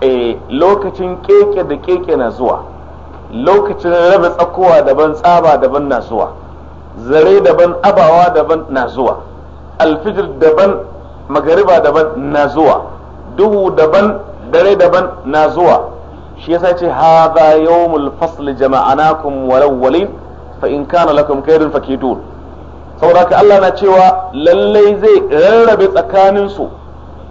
Speaker 1: Eh, lokacin keke da keke na zuwa lokacin raba tsakowa daban tsaba daban na zuwa zare daban abawa daban na zuwa alfijir daban magariba daban na zuwa duhu daban dare daban na zuwa shi yasa ce hadha yawmul fasl jama'anakum walau walin fa in kana lakum khairun fakidun saboda ka Allah na cewa lallai zai rarrabe tsakaninsu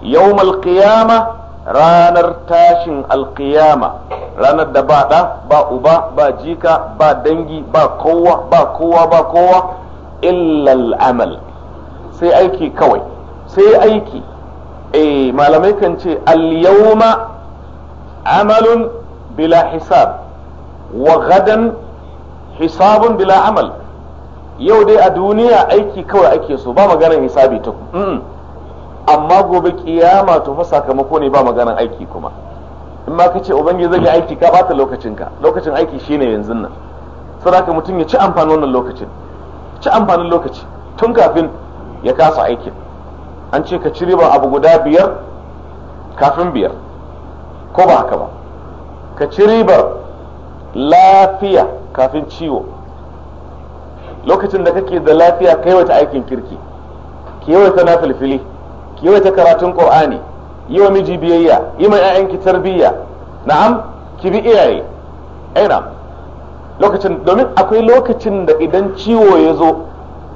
Speaker 1: yawmal qiyamah ranar tashin alkiyama ranar da ba ɗa ba uba ba jika ba dangi ba kowa ba kowa ba kowa illal amal sai aiki kawai sai aiki eh malamai kan ce al-yawma amalun bila hisab wa gadan hisabun bila amal yau dai a duniya aiki kawai ake so ba maganar hisabi ta mm. amma gobe kiyama to fa sakamako ne ba maganan aiki kuma in ma kace ubangiji zai yi aiki ka bata lokacinka lokacin aiki shine yanzu nan saboda mutum ya ci amfanin wannan lokacin ci amfanin lokaci tun kafin ya kasa aikin an ce ka ci riba abu guda biyar kafin biyar ko ba haka ba ka ci ribar lafiya kafin ciwo lokacin da kake da lafiya kai wata aikin kirki ki yawaita na filfili ki ta karatun qur'ani yi wa miji biyayya yi ma ki tarbiyya na'am ki bi iyaye aina lokacin domin akwai lokacin da idan ciwo ya zo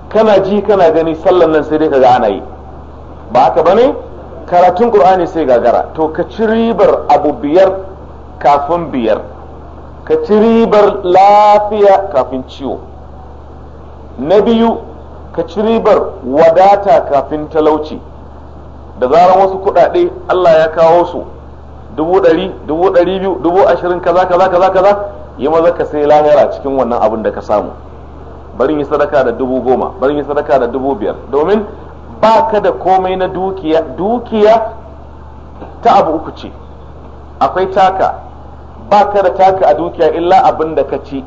Speaker 1: kana ji kana gani sallan nan sai dai kaga ana yi ba haka bane karatun ƙur'ani sai gagara to ka ci ribar abu biyar kafin biyar ka ci ribar lafiya kafin ciwo na biyu ka ci ribar wadata kafin talauci da zarar wasu kuɗaɗe Allah ya kawo su dubu ɗari dubu ɗari biyu dubu ashirin kaza kaza kaza kaza yi maza ka sai lahira cikin wannan abin da ka samu barin yi sadaka da dubu goma barin yi sadaka da dubu biyar domin ba ka da komai na dukiya dukiya ta abu uku ce akwai taka ba ka da taka a dukiya illa abin da ka ci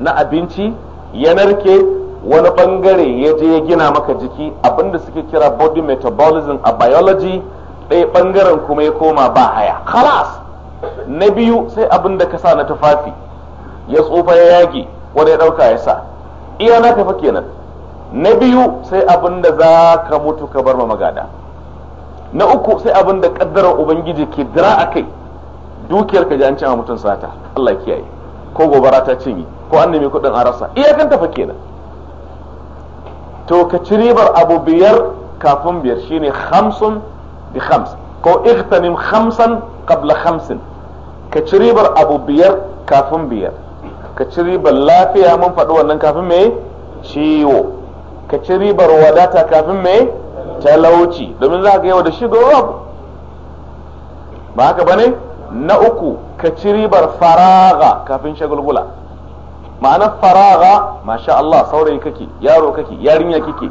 Speaker 1: na abinci ya narke wani bangare ya je ya gina maka jiki abinda suke kira body metabolism a biology ɗaya bangaren kuma ya koma ba haya khalas na biyu sai abinda ka sa na tufafi ya tsufa ya yage wani ya ɗauka ya sa iya na tafi kenan na biyu sai abinda za ka mutu ka bar ma magada na uku sai abinda ƙaddarar ubangiji ke dira a kai dukiyar ka ji an cewa mutum sata Allah kiyaye ko gobara ta cinye ko an kuɗin a rasa kan tafi kenan to ka ci ribar abu biyar kafin biyar shine hamsin bi khams ko ightanim khamsan qabla khamsin ka ci ribar abu biyar kafin biyar ka ci ribar lafiya mun faɗi wannan kafin me ciwo ka ci ribar wadata kafin mai talauci domin za ka yi da shi abu ba haka bane na uku ka ci ribar faraga kafin shagulgula ma'anar faraga masha Allah saurayi kake yaro kake yarinya kike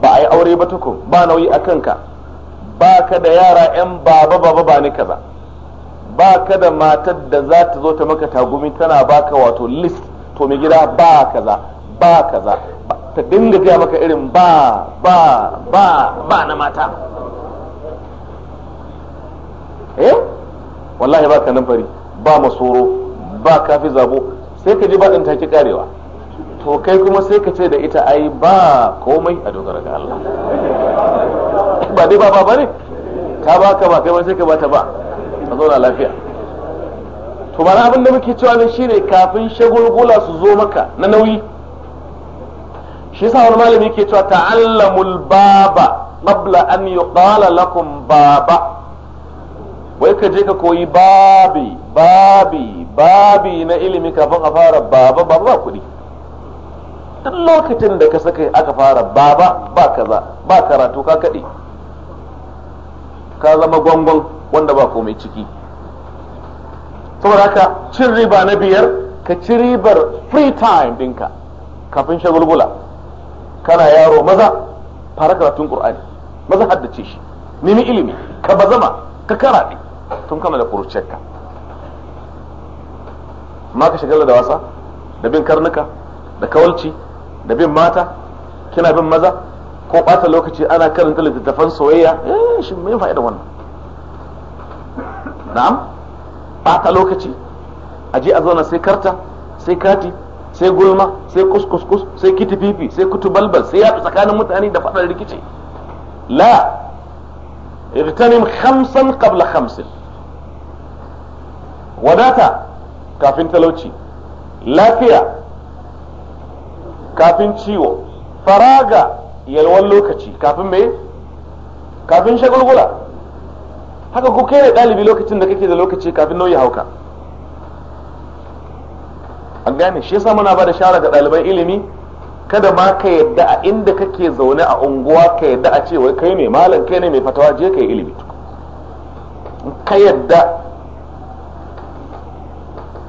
Speaker 1: ba a yi aure ba tukun ba nauyi a kanka ba ka da yara 'yan baba baba ba ni kaza ba ka da matar da za ta zo ta maka tagumi tana baka wato list to mai gida ba kaza ba kaza ta dinga gaya maka irin ba ba ba ba na mata eh wallahi ba ka nan ba masoro ba kafi zabo sai ka ji baɗin take karewa to kai kuma sai ka ce da ita ai ba komai a dogara ga Allah ba dai ba ba bane ka ba ka ba kai ma sai ka bata ba a zauna lafiya to ba abin da muke cewa ne shine kafin shagulgula su zo maka na nauyi shi yasa wani malami yake cewa ta'allamul baba qabla an yuqala lakum baba wai ka je ka koyi babi babi babi na ilimi kafin a fara baba ba ba kuɗi duk lokacin da ka saka aka fara baba ba kaza ba karatu ka kaɗi, ka zama gwangwan wanda ba komai ciki saboda haka cin riba na biyar ka ci ribar free time ɗinka kafin shagulgula kana yaro maza fara karatun Kur'ani, maza haddace shi nemi ilimi ka zama ka karaɗe tun kama da kurciyarka ma ka shagala da wasa da bin karnuka da kawalci da bin mata kina bin maza ko bata lokaci ana karanta littattafan soyayya eh shi me fa'ida wannan na'am bata lokaci a je a zauna sai karta sai kati sai gulma sai kuskuskus sai kitififi sai kutubalbal sai yatsu tsakanin mutane da faɗar rikici la irtanim khamsan kabla hamsin. wadata kafin talauci lafiya kafin ciwo faraga yalwan lokaci kafin me kafin shagulgula haka ku kai ɗalibi lokacin da kake da lokaci kafin nauyi hauka an gane shi yasa muna ba da shara ga ɗaliban ilimi kada ma ka yadda a inda kake zaune a unguwa ka yadda a ce wai kai ne malam kai ne mai fatawa je ka yi ilimi ka yadda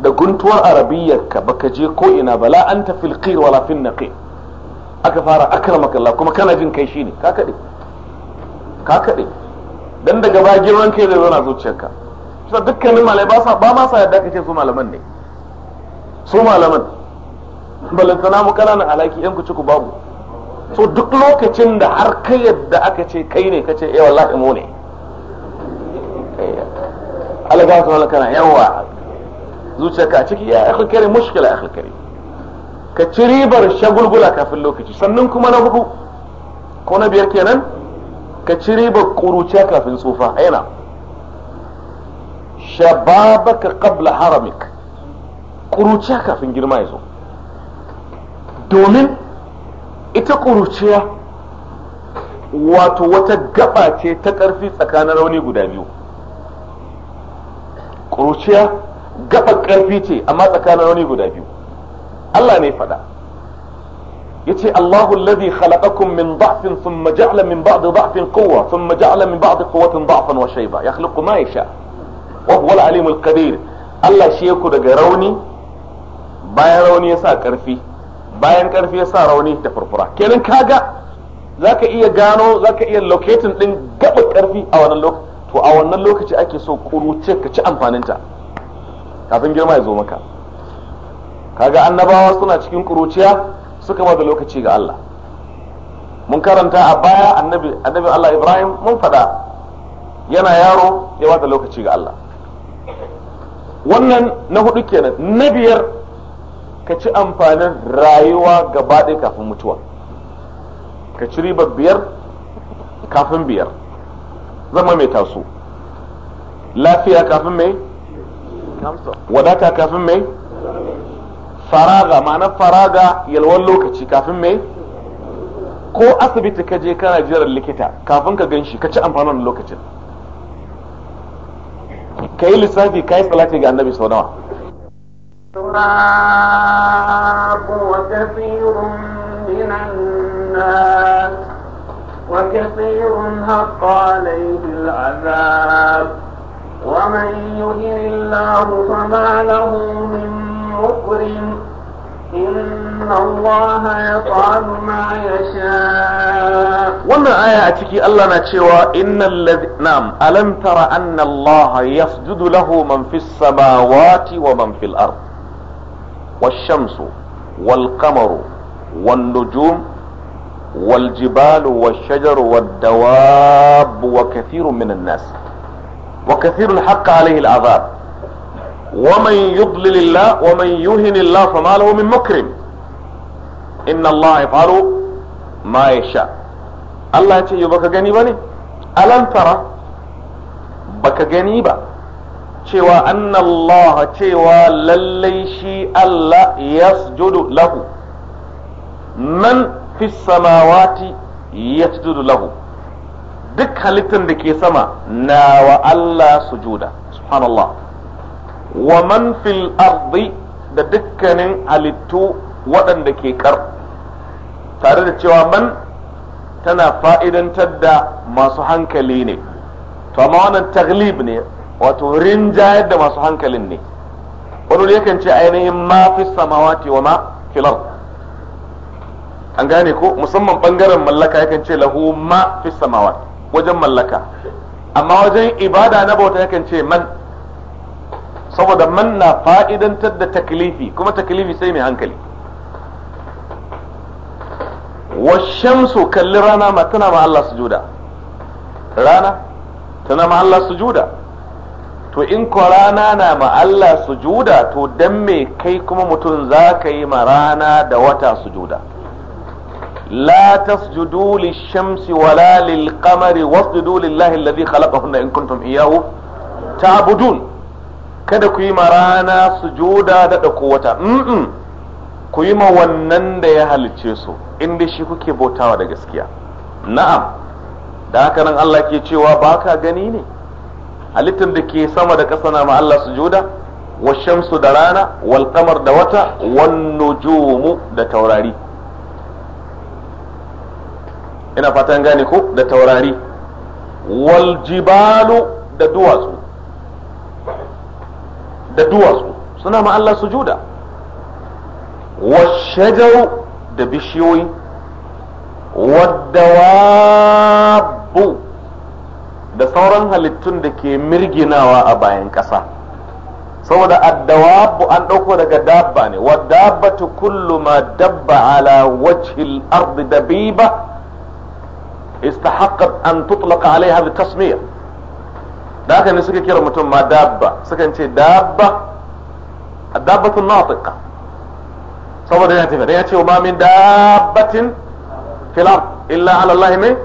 Speaker 1: da guntuwar arabiyyarka baka je ko ina ba la anta fil qir wala fin naqi aka fara akramaka Allah kuma kana jin kai shine ka kade ka kade dan daga ba girman kai zai zauna zuciyarka shi dukkanin malai ba sa ba ma sa yadda kace su malaman ne su malaman balantana mu kananan alaki yan ku ci ku babu so duk lokacin da har kai yadda aka ce kai ne kace eh wallahi mu ne Allah ga su kana yawa zuciyarka a ciki ya akhul kare mushkila akhul kare? ka ci ribar shagulgula kafin lokaci sannan kuma na hudu ko na biyar kenan ka ci ribar kuruciya kafin tsufa aina shababaka qabla haramik kuruciya kafin girma ya domin ita kuruciya wato wata gaba ce ta ƙarfi tsakanin rauni guda biyu kuruciya gabar karfi ce amma tsakanin rauni guda biyu Allah ne faɗa yace Allahu alladhi khalaqakum min dha'fin thumma ja'ala min ba'di dha'fin quwwa thumma ja'ala min ba'di quwwatin dha'fan wa shayba yakhluqu ma yasha wa huwa al-alim al-qadir Allah shi yake daga rauni bayan rauni yasa karfi bayan karfi yasa rauni da furfura kenan kaga zaka iya gano zaka iya locating din gaba karfi a wannan lokaci to a wannan lokaci ake so kuruce ka ci amfaninta ta kafin girma ya zo maka kaga annabawa suna cikin kuruciya suka ba da lokaci ga Allah mun karanta a baya annabi annabi Allah Ibrahim mun faɗa yana yaro ya ba da lokaci ga Allah wannan na hudu kenan na biyar ka ci amfanin rayuwa gaba ɗaya kafin mutuwa ka ci ribar biyar kafin biyar zama mai taso lafiya kafin mai wadata kafin mai faraga ma'ana faraga yalwan lokaci kafin mai ko asibiti ka je kana jiran likita kafin ka gan shi ka ci amfanin lokacin ka yi lissafi ka yi salati ga annabi sau nawa
Speaker 3: وكثير حق عليه العذاب ومن يهن الله فما له من مكر إن الله يفعل ما يشاء وما آياتك
Speaker 1: ألا الله نتشوى إن الذي نعم ألم ترى أن الله يسجد له من في السماوات ومن في الأرض والشمس والقمر والنجوم والجبال والشجر والدواب وكثير من الناس وكثير الحق عليه العذاب ومن يضلل الله ومن يهن الله فما له من مكرم إن الله يفعل ما يشاء الله يتي بك غني بني ألم ترى بك غني با cewa anna Allah cewa lallai shi Allah yasjudu lahu man fi samawati yasjudu lahu duk halittar da ke sama na wa Allah sujuda subhanallah wa man fil ardi da dukkanin halittu waɗanda ke kar tare da cewa man tana fa'idantar da masu hankali ne to amma wannan taglib ne wato rinjayar da masu hankalin ne wani yakan ce ainihin ma fi samawati wa ma filar an gane ko musamman bangaren mallaka yakan ce lahu ma fi samawati wajen mallaka amma wajen ibada na bauta yakan ce man saboda man na fa'idantar da taklifi kuma taklifi sai mai hankali washamsu kalli rana ma tana ma Allah juda rana tana ma Allah juda to in ko rana na ma Allah sujuda to dan me kai kuma mutum za ka yi ma rana da wata sujuda لا تسجدوا للشمس ولا للقمر واسجدوا لله الذي خلقهن إن كنتم إياه تعبدون kada ku yi ma rana sujuda da ɗauko wata ku yi ma wannan da ya halicce su inda shi kuke bautawa da gaskiya na'am da haka nan Allah ke cewa ba ka gani ne halittar da ke sama da ƙasa na ma Allah sujuda wa shamsu da rana wal da wata wan nujumu da taurari ina fatan gane ko da taurari wal jibalu da duwatsu da duwatsu suna ma Allah sujuda washajaru da bishiyoyi waddawabu da sauran halittun da ke mirginawa a bayan ƙasa saboda addawabu an ɗauko daga dabba ne waddabatu kullu ma dabba ala wajhil ardi dabiba استحقت أن تطلق عليها بالتسمية ذاك نسيك كرمة ما دابة سكنت دابة الدابة الناطقة صبر ريعتي ريعتي وما من دابة في الأرض إلا على الله من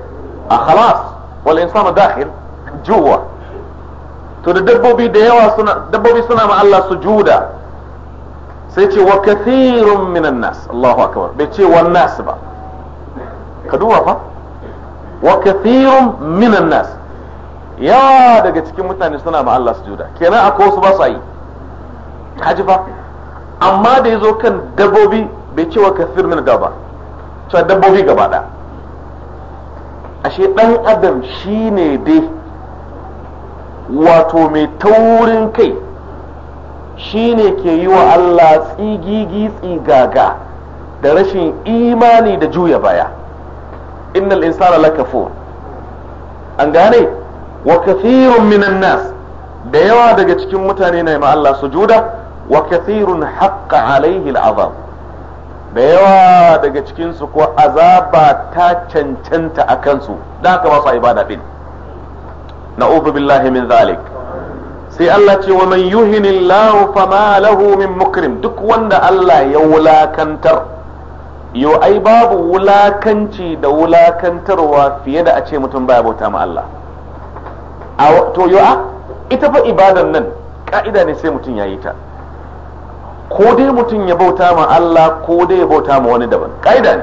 Speaker 1: أخلاص آه، والإنسان داخل جوا تدبوا بي ديوا دبوا بي سنة مع الله سجودا سيتي وكثير من الناس الله أكبر بيتي والناس با كدوا فا wa kathirun minan nas yawa daga cikin mutane suna ma Allah sujuda kenan akwai wasu ba su yi haji ba amma da yazo kan dabbobi bai ce wa kathirun min gaba cewa dabbobi gaba da ashe dan adam shine dai wato mai taurin kai shine ke yi wa Allah tsigigi tsigaga da rashin imani da juya baya innal insana lakafur an gane wa kathirun minan nas da yawa daga cikin mutane na ma Allah sujuda wa kathirun haqqa alaihi al'azab da yawa daga cikin su ko azaba ta cancanta a kansu da haka ba su ibada ɗin. na'udhu min zalik sai Allah ce wa man yuhinillahu fama lahu min mukrim duk wanda Allah ya wulakantar yo ai babu wulakanci da wulakantarwa fiye da a ce mutum baya bauta ma Allah to yo a ita fa ibadan nan ka'ida ne sai mutum ya yi ta ko dai mutum ya bauta ma Allah ko dai ya bauta ma wani daban ka'ida ne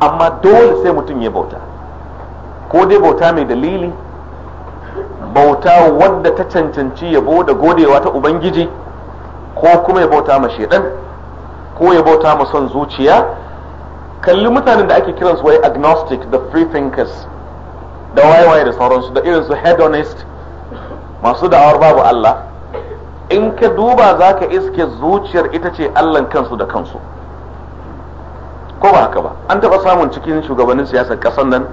Speaker 1: amma dole sai mutum ya bauta ko dai bauta mai dalili bauta wadda ta cancanci yabo da godewa ta ubangiji ko kuma ya bauta ma shedan ko ya bauta ma son zuciya kalli mutanen da ake kiransu wai agnostic da free thinkers da waiwaye da sauransu da irin su hedonist masu da'awar babu Allah in ka duba za ka iske zuciyar ita ce Allah kansu da kansu ko ba haka ba an taɓa samun cikin shugabannin siyasar ƙasar nan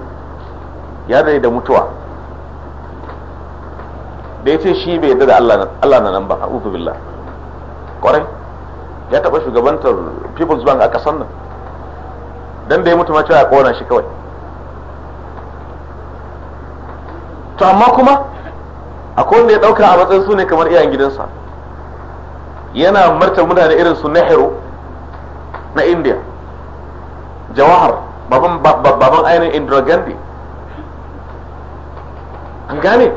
Speaker 1: ya dai da mutuwa da ya ce shi bai yadda da Allah na nan ba a billah kwarai ya taɓa shugabantar people's bank a ƙasar nan don da ya mutu mace a ƙona shi kawai to amma kuma akwai wanda ya ɗauka a matsayin su ne kamar iyayen gidansa yana martar mutane irin su nehru na india jawahar baban ainihin indira gandhi an gane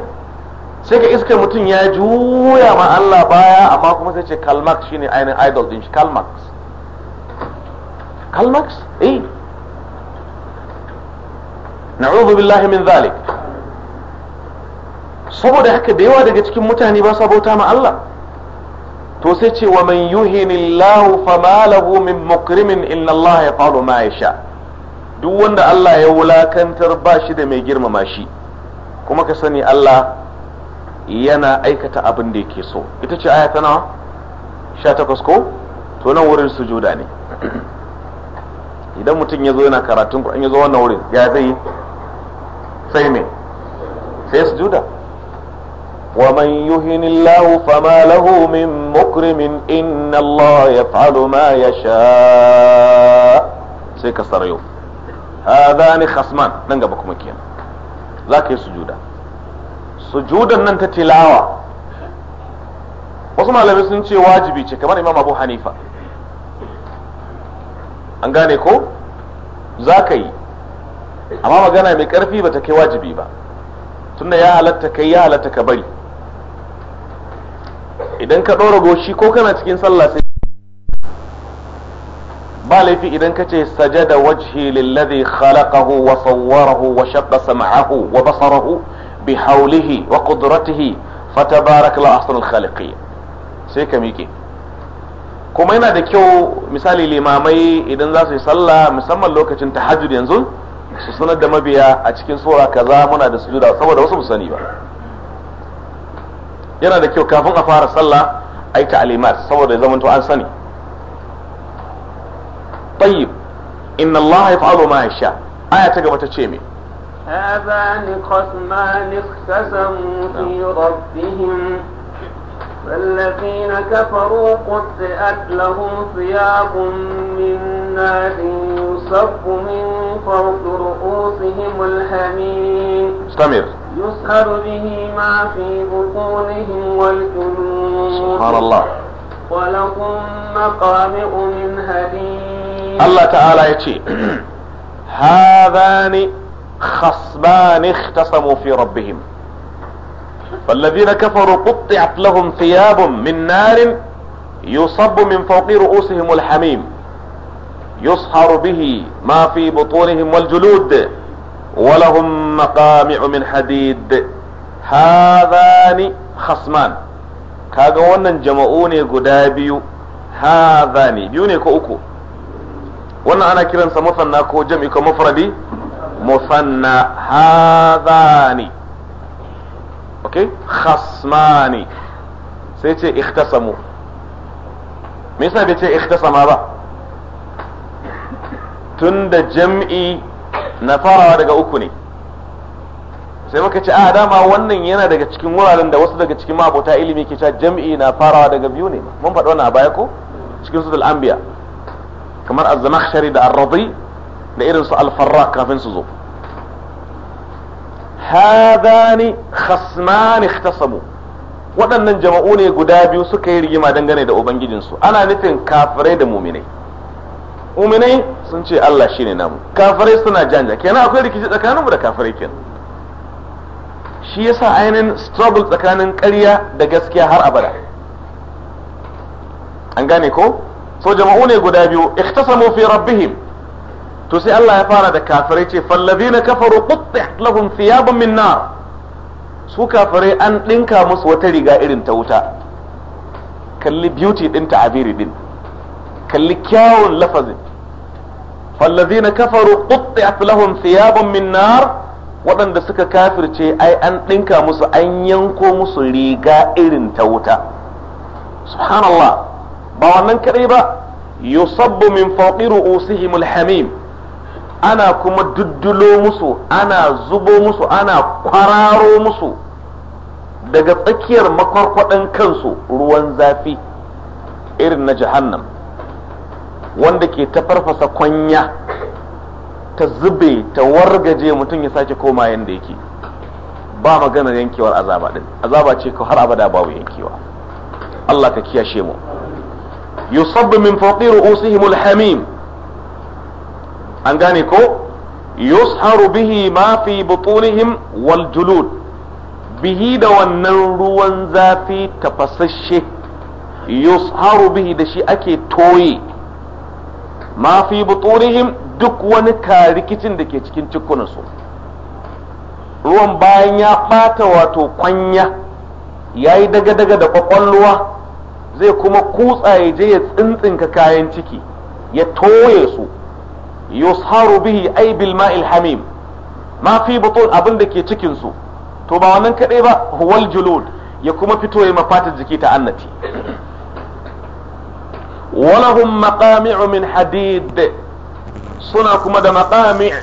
Speaker 1: sai ka iskar mutum ya juya ma Allah baya amma kuma sai ce kalmax ne ainihin idol din shi kalmax kalmax eh na'udhu billahi min zalik saboda haka da yawa daga cikin mutane ba sa bauta ma Allah to sai ce wa man yuhinillahu ma lahu min mukrimin inna Allah ya falo ma yasha duk wanda Allah ya wulakantar ba shi da mai girmama shi kuma ka sani Allah yana aikata abin da yake so ita ce aya tana sha takwas ko to nan wurin sujuda ne idan mutum ya zo yana karatun kuɗin ya zo wannan wurin ya zai sai ne. sai sujuda wa man fa ma lahu min mukrimin inna Allah yaf'alu ma yasha sai ka sarayo hadani khasman nan gaba kuma kenan zaka yi sujuda sujudan nan ta tilawa wasu malamai sun ce wajibi ce kamar imam abu hanifa an gane ko za ka yi amma magana mai karfi ba ta kai wajibi ba tunda ya halatta kai ya halatta ka bari idan ka ɗora goshi ko kana cikin sallah sai ba laifi idan ka ce sajada wajhi lillazi khalaqahu wa sawwarahu wa shaqqa sam'ahu wa basarahu بحوله وقدرته فتبارك الله أحسن الخالقين سيكا ميكي kuma yana da kyau misali limamai idan za su yi sallah musamman lokacin tahajjud yanzu su sanar da mabiya a cikin sura kaza muna da sujuda saboda wasu sani ba yana da kyau kafin a fara sallah ai ta'limat saboda ya zamanto an sani tayyib inna allaha yaf'alu ma yasha aya ta gaba ta ce me
Speaker 3: هذان خصمان اقتسموا في نعم. ربهم فالذين كفروا قطعت لهم ثياب من نار يصب من فوق رؤوسهم الحميم استمر يسهر به ما في بطونهم والجنون سبحان الله ولهم مقامع من هديم الله تعالى يتي
Speaker 1: [CLEARS THROAT] هذان خصمان اختصموا في ربهم فالذين كفروا قطعت لهم ثياب من نار يصب من فوق رؤوسهم الحميم يصهر به ما في بطونهم والجلود ولهم مقامع من حديد هذان خصمان kaga wannan جمعوني ne guda بيوني hadha ne biyu ne ko uku wannan ana musanna hadhani اوكي khasmani sai ce ikhtasamu me اختصم bai ce جمعي ba tunda jam'i na farawa daga uku ne sai muka ce a dama wannan yana daga cikin wuraren da wasu daga cikin mabota ilimi ke cewa jam'i na farawa daga biyu ne mun faɗi wannan a baya ko cikin sudul anbiya kamar az-zamakhshari da ar-radi da irin su alfarra kafin su zo hadani khasman ikhtasamu waɗannan jama'u ne guda biyu suka yi rigima dangane da ubangijinsu ana nufin kafirai da muminai muminai sun ce Allah shine namu kafirai suna janja kenan akwai rikici tsakaninmu da kafirai kenan shi yasa ainihin struggle tsakanin ƙarya da gaskiya har abada an gane ko so jama'u ne guda biyu ikhtasamu fi rabbihim to sai Allah ya fara da kafirai ce fallazina kafaru quttihat lahum thiyabun min nar su kafirai an dinka musu wata riga irin ta wuta kalli beauty din ta'abiri din kalli kyawun lafazin fallazina kafaru quttihat lahum thiyabun min nar waɗanda suka kafirce ai an ɗinka musu an yanko musu riga irin ta wuta
Speaker 3: subhanallah
Speaker 1: ba wannan kadai ba yusabbu min fawqi ru'usihim al-hamim ana kuma duddulo musu ana zubo musu ana kwararo musu daga tsakiyar makwarkwadan kansu ruwan zafi irin na jahannam wanda ke ta farfasa kwanya ta zube ta wargaje mutum ya sake koma yadda yake ba maganar yankewar azaba din azaba ce ko har abada babu yankewa Allah ka kiyashe mu yusabbu min fawqi ru'usihim hamim an gane ko yusharu bihi ma fi butunihim wal julud bihi da wannan ruwan zafi tafasasshe yusharu bihi da shi ake toye ma fi butunihim duk wani karikicin da ke cikin cikunansu ruwan bayan ya ɓata wato kwanya ya yi daga-daga da ƙwaƙwalwa zai kuma kutsa ya je ya tsintsinka kayan ciki ya toye su yusharu bihi ay bil ma'il hamim ma fi butun abin da ke cikin su to ba wannan kadai ba huwal julud ya kuma fito ya mafatar jiki ta annati walahum maqami'u min hadid suna kuma da maqami'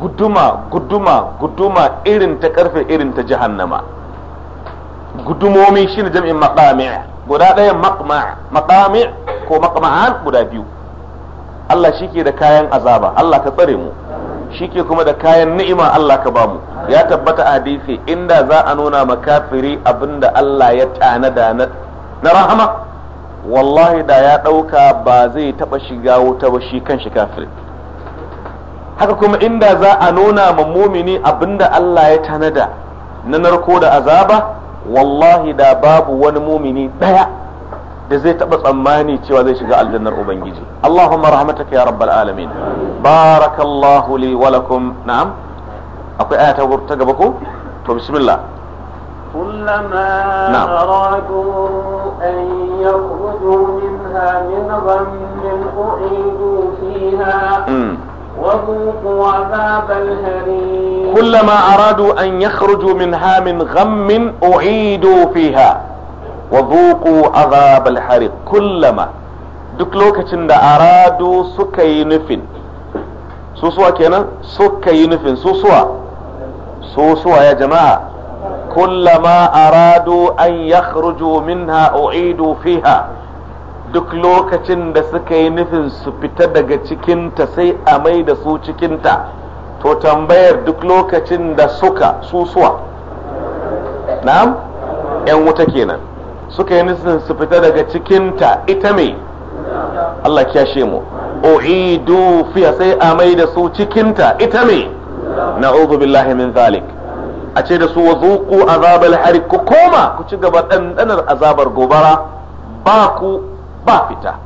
Speaker 1: guduma guduma guduma irin ta karfe irin ta jahannama gudumomi shine jam'in maqami' guda ɗaya maqma' maqami' ko maqma'an guda biyu Allah shike da kayan azaba Allah ka tsare mu shike kuma da kayan ni'ima Allah ka bamu ya tabbata a hadisi inda za a nuna makafiri abinda Allah ya tanada na na rahama wallahi da ya ɗauka ba zai taɓa shiga wuta ba shi kan shi kafiri haka kuma inda za a nuna ma mumini abinda Allah ya tanada na narko da azaba wallahi da babu wani mumini ɗaya da zai taba tsammani cewa zai shiga aljannar ubangiji Allahumma rahmataka ya rabbal alamin barakallahu li wa lakum na'am akwai aya ta gaba ko to bismillah
Speaker 3: كلما أرادوا أن يخرجوا منها من غم أعيدوا فيها وذوقوا عذاب الهريم
Speaker 1: كلما أرادوا أن يخرجوا منها من غم أعيدوا فيها wa zuqu azab al kullama duk lokacin da aradu suka yi nufin susuwa kenan suka yi nufin susuwa susuwa ya jama'a kullama aradu an yakhruju minha u'idu fiha duk lokacin da suka yi nufin su fita daga cikinta sai a mai da su cikinta to tambayar duk lokacin da suka susuwa na'am 'yan wuta kenan suka yi nufin su fita daga cikinta ita mai Allah kyashe mu u'idu fiya sai a mai da su cikinta ita mai na'udhu billahi min zalik a ce da su wazuku azabal harik ku koma ku ci gaba ɗanɗanar azabar gobara ba ku ba fita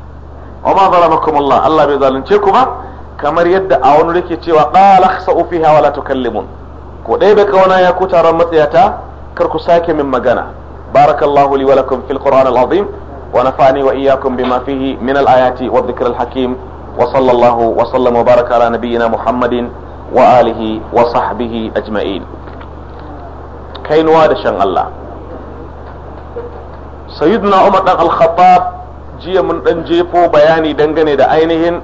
Speaker 1: wa ma zalamakum Allah Allah bai zalunce ku ba kamar yadda a wani rike cewa qala khsa'u fiha wa la tukallimun ko dai bai ya ku taron matsayata kar ku sake min magana بارك الله لي ولكم في القرآن العظيم ونفعني وإياكم بما فيه من الآيات والذكر الحكيم وصلى الله وسلم وبارك على نبينا محمد وآله وصحبه أجمعين كينوا دشان الله سيدنا عمر بن الخطاب jiya mun dan jefo bayani dangane da ainihin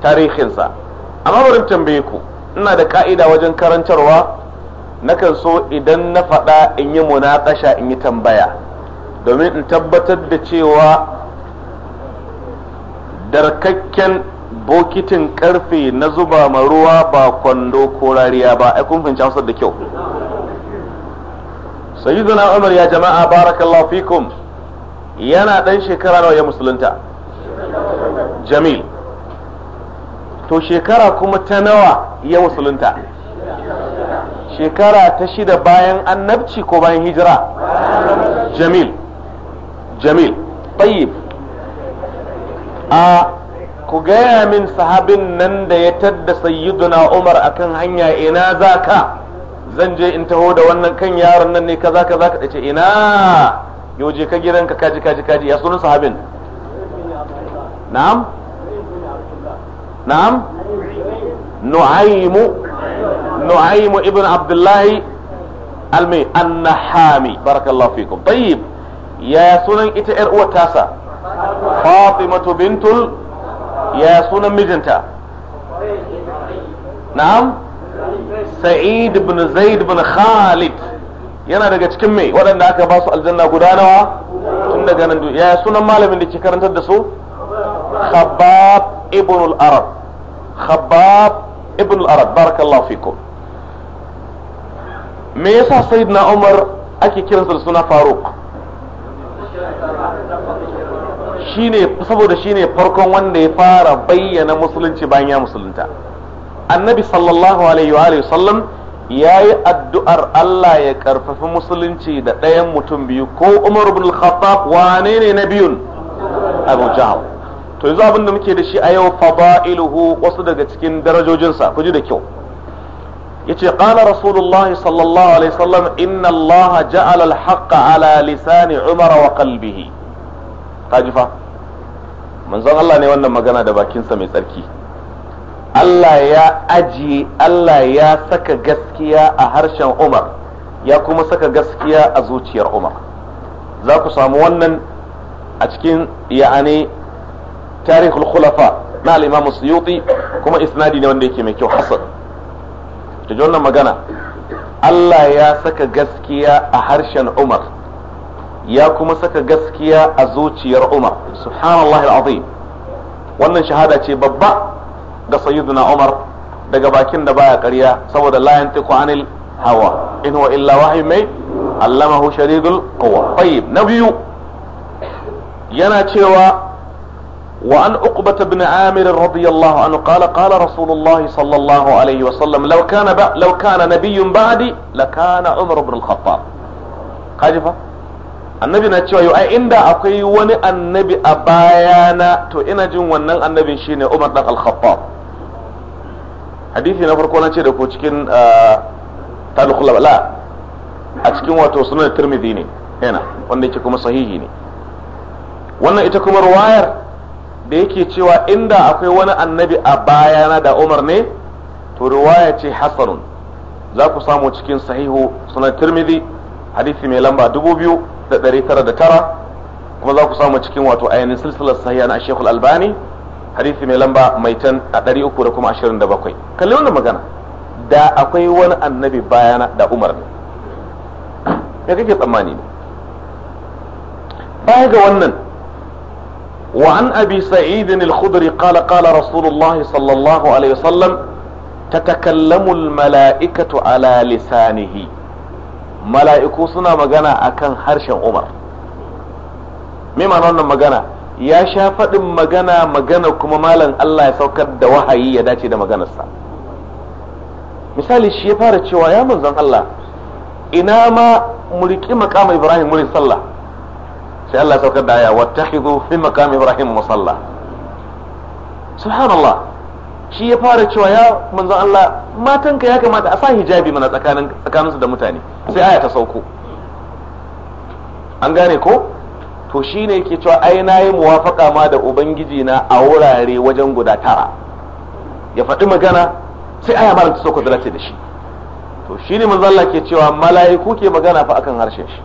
Speaker 1: tarihinsa amma bari tambaye ku ina da ka'ida wajen karantarwa nakan so idan na faɗa in yi munaƙasha in yi tambaya domin in tabbatar da cewa darkakken bokitin karfe na zuba ma ruwa ba kwando ko rariya ba ai kun fahimci da kyau sayyiduna umar ya jama'a barakallahu fikum yana dan shekara nawa ya musulunta jamil to shekara kuma ta nawa ya musulunta shekara ta shida bayan annabci ko bayan hijira jamil jamil tayyib a ku gaya min sahabin nan da ya tadda sayyiduna umar akan hanya ina za ka zan je in taho da wannan kan yaron nan ne kaza kaza ka dace, ina yau je ka gidanka kaji kaji kaji ya sunan sahabin na'am na'am nu'aymu نعيم ابن عبد الله المي النحامي بارك الله فيكم طيب يا سنن ita ƴar uwar tasa Fatimatu bintul ya sunan mijinta na'am Sa'id ibn Zaid ibn Khalid yana daga cikin mai waɗanda aka ba su aljanna guda nawa tun daga nan ya sunan malamin da ke karantar da su Khabbab ibn al-Arab Khabbab ibn al-Arab barakallahu fikum me yasa sayyidina Umar ake kiransa da suna Faruk shine saboda shine farkon wanda ya fara bayyana musulunci bayan ya musulunta annabi sallallahu alaihi wa alihi sallam yayi addu'ar Allah ya karfafi musulunci da ɗayan mutum biyu ko Umar ibn al-Khattab wane ne na biyun Abu Jahl to yanzu abinda da muke da shi a yau fada'iluhu wasu daga cikin darajojinsa ku ji da kyau yace qala rasulullah sallallahu alaihi wasallam inna allaha ja'ala al-haqqa ala lisani umar wa qalbihi kaji manzon Allah ne wannan magana da bakinsa mai tsarki Allah ya ajiye Allah ya saka gaskiya a harshen Umar ya kuma saka gaskiya a zuciyar Umar za ku samu wannan a cikin ya'ani tarihul khulafa na al-Imam Suyuti kuma isnadi ne wanda yake mai kyau hasan ta ji wannan magana Allah ya saka gaskiya a harshen Umar ya kuma saka gaskiya a zuciyar Umar subhanallahi azim wannan shahada ce babba ga sayyiduna Umar daga bakin da baya ƙarya saboda la yantiqu anil hawa in huwa illa wahyi mai allamahu shadidul quwa tayyib na biyu yana cewa وعن عقبة بن عامر رضي الله عنه قال قال رسول الله صلى الله عليه وسلم لو كان لو كان نبي بعدي لكان عمر بن الخطاب annabi na cewa akwai wani annabi a bayana wannan annabin shine Umar dan Al-Khattab na farko na ce da cikin tarikhul a cikin wato sunan ne kuma wannan ita kuma ruwayar da yake cewa inda akwai wani annabi a bayana da umar ne to riwaya ce hasanun za ku samu cikin sahihu sunan tirmidhi hadisi mai lamba 2909 kuma za ku samu cikin wato ainihin silsilar sahiha na shekul albani hadisi mai lamba mai can a 327 da kuma kalli wannan magana da akwai wani annabi bayana da umar ne ya kake tsammani ne baya ga wannan وعن أبي سعيد الخدري قال قال رسول الله صلى الله عليه وسلم تتكلم الملائكة على لسانه ملائكة سنة مغانا أكن هرش عمر مما نونا مغانا يا شافد مغانا مغانا كما مالا الله يسوكد دوهي يداتي دا مغانا السا misali shi ya fara cewa ya manzon Allah ina ma mulki makamu Ibrahim wurin sallah sai Allah ya saukar da aya wattakhidhu fi maqami ibrahim musalla subhanallah shi ya fara cewa ya manzon Allah matanka ya kamata a sa hijabi mana tsakanin tsakaninsu da mutane sai aya ta sauko an gane ko to shine yake cewa ai nayi muwafaka ma da ubangiji na a wurare wajen guda tara ya faɗi magana sai aya mara ta sauko da shi to shine manzon Allah ke cewa mala'iku ke magana fa akan harshen shi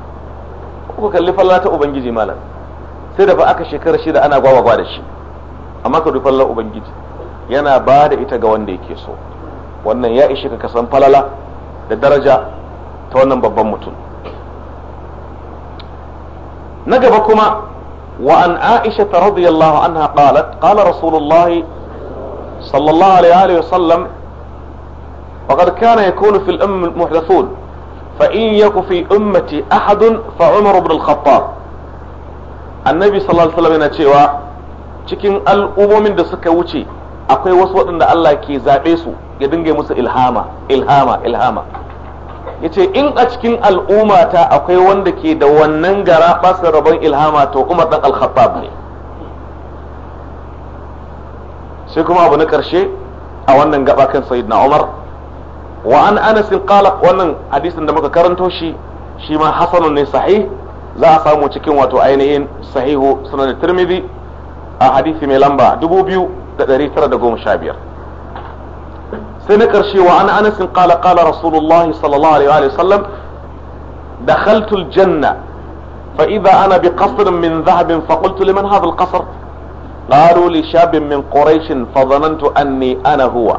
Speaker 1: kuka kalli falla ta ubangiji malam sai da fa aka shekara shida ana gwagwagwa da shi amma ka dubi fallar ubangiji yana ba da ita ga wanda yake so wannan ya ishe ka kasan falala da daraja ta wannan babban mutum na gaba kuma wa an aisha ta radiyallahu anha qalat qala rasulullah sallallahu alaihi wa sallam وقد كان يكون في الأم المحدثون فإن يك في أمتي أحد فعمر بن الخطاب النبي صلى الله عليه وسلم yana cewa cikin al'ummomin da suka wuce akwai wasu waɗanda Allah ke zaɓe su ya dinga musu ilhama ilhama ilhama yace in a cikin al'ummata akwai wanda ke da wannan gara basa rabon ilhama to Umar dan Al-Khattab ne sai kuma abu na ƙarshe a wannan gaba kan Sayyidina Umar wa an anas qala wannan hadisin da muka karanto shi shi ma hasanun ne sahih za a samu cikin wato ainihin sahihu sunan tirmidhi a hadisi mai lamba 2915 sai na karshe wa an anas qala qala rasulullahi sallallahu alaihi wa sallam دخلت الجنة فإذا أنا min من ذهب فقلت لمن هذا القصر قالوا لشاب من قريش فظننت أني ana هو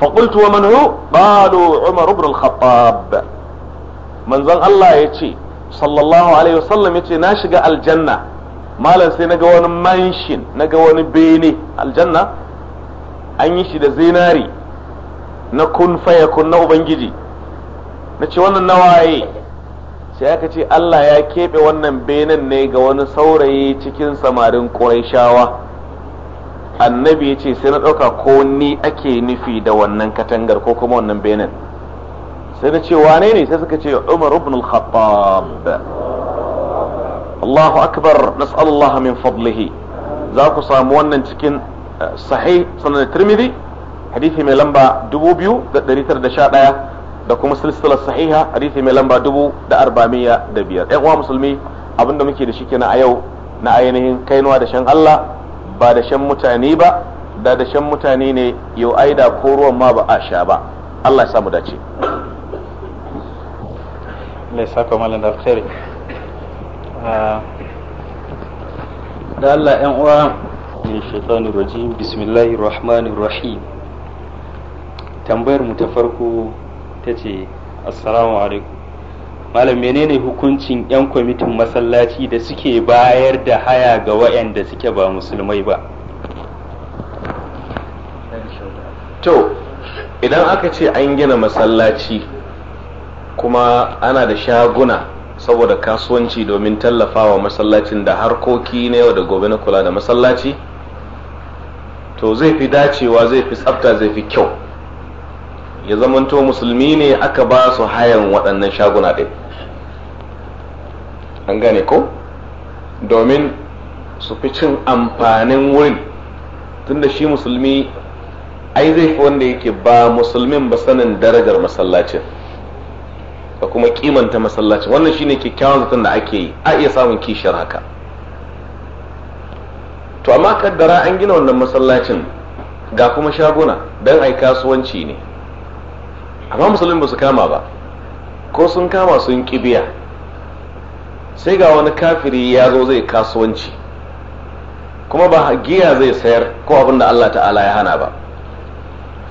Speaker 1: فقلت ومن هو قالوا عمر بن الخطاب من زن الله يتي صلى الله عليه وسلم يتي ناشق الجنة ما لنسي نقوان منشن نقوان بيني الجنة an yi shi da zinari na kun faya kun na ubangiji na ce wannan nawaye sai aka ce Allah ya keɓe wannan benen ne ga wani saurayi cikin samarin ƙurayshawa annabi ya ce sai na ɗauka ko ni ake nufi da wannan katangar ko kuma wannan benin sai na ce wane ne sai suka ce umar ibn al-khattab Allahu akbar nas'alullah min fadlihi za ku samu wannan cikin eh, sahih sanan tirmidhi hadisi mai lamba 2911 da kuma silsilar sahiha hadisi mai lamba dubu da biyar ɗan uwa musulmi abinda muke da shi kenan a yau na ainihin kainuwa da shan Allah ba da shan mutane ba da da shan mutane ne yau aida ko ruwan ma ba a sha ba Allah ya samu dace
Speaker 2: Allah ya saka malam da alkhairi ah, da Allah ƴan uwa min shaitanu rajim bismillahir rahmanir rahim tambayar mu ta farko tace assalamu alaikum malam menene hukuncin 'yan kwamitin masallaci da suke bayar da haya ga wa'yanda suke ba musulmai ba to idan aka ce an gina
Speaker 1: masallaci kuma ana da shaguna saboda kasuwanci domin tallafa wa masallacin da harkoki na yau da gobe na kula da masallaci to zai fi dacewa zai fi tsafta zai fi kyau ya zamanto musulmi ne aka ba su hayan waɗannan shaguna ɗin an gane ko domin su fi cin amfanin wurin tunda shi musulmi ai zai fi wanda yake ba musulmin ba sanin darajar masallacin da kuma kimanta masallacin wannan shine kyakkyawan zaton da ake yi a iya samun kishiyar haka to amma kaddara an gina wannan masallacin ga kuma shaguna don ai kasuwanci ne amma musulmi ba su kama ba ko sun kama sun kibiya sai ga wani kafiri ya zo zai kasuwanci kuma ba giya zai sayar ko abin da Allah ta'ala ya hana ba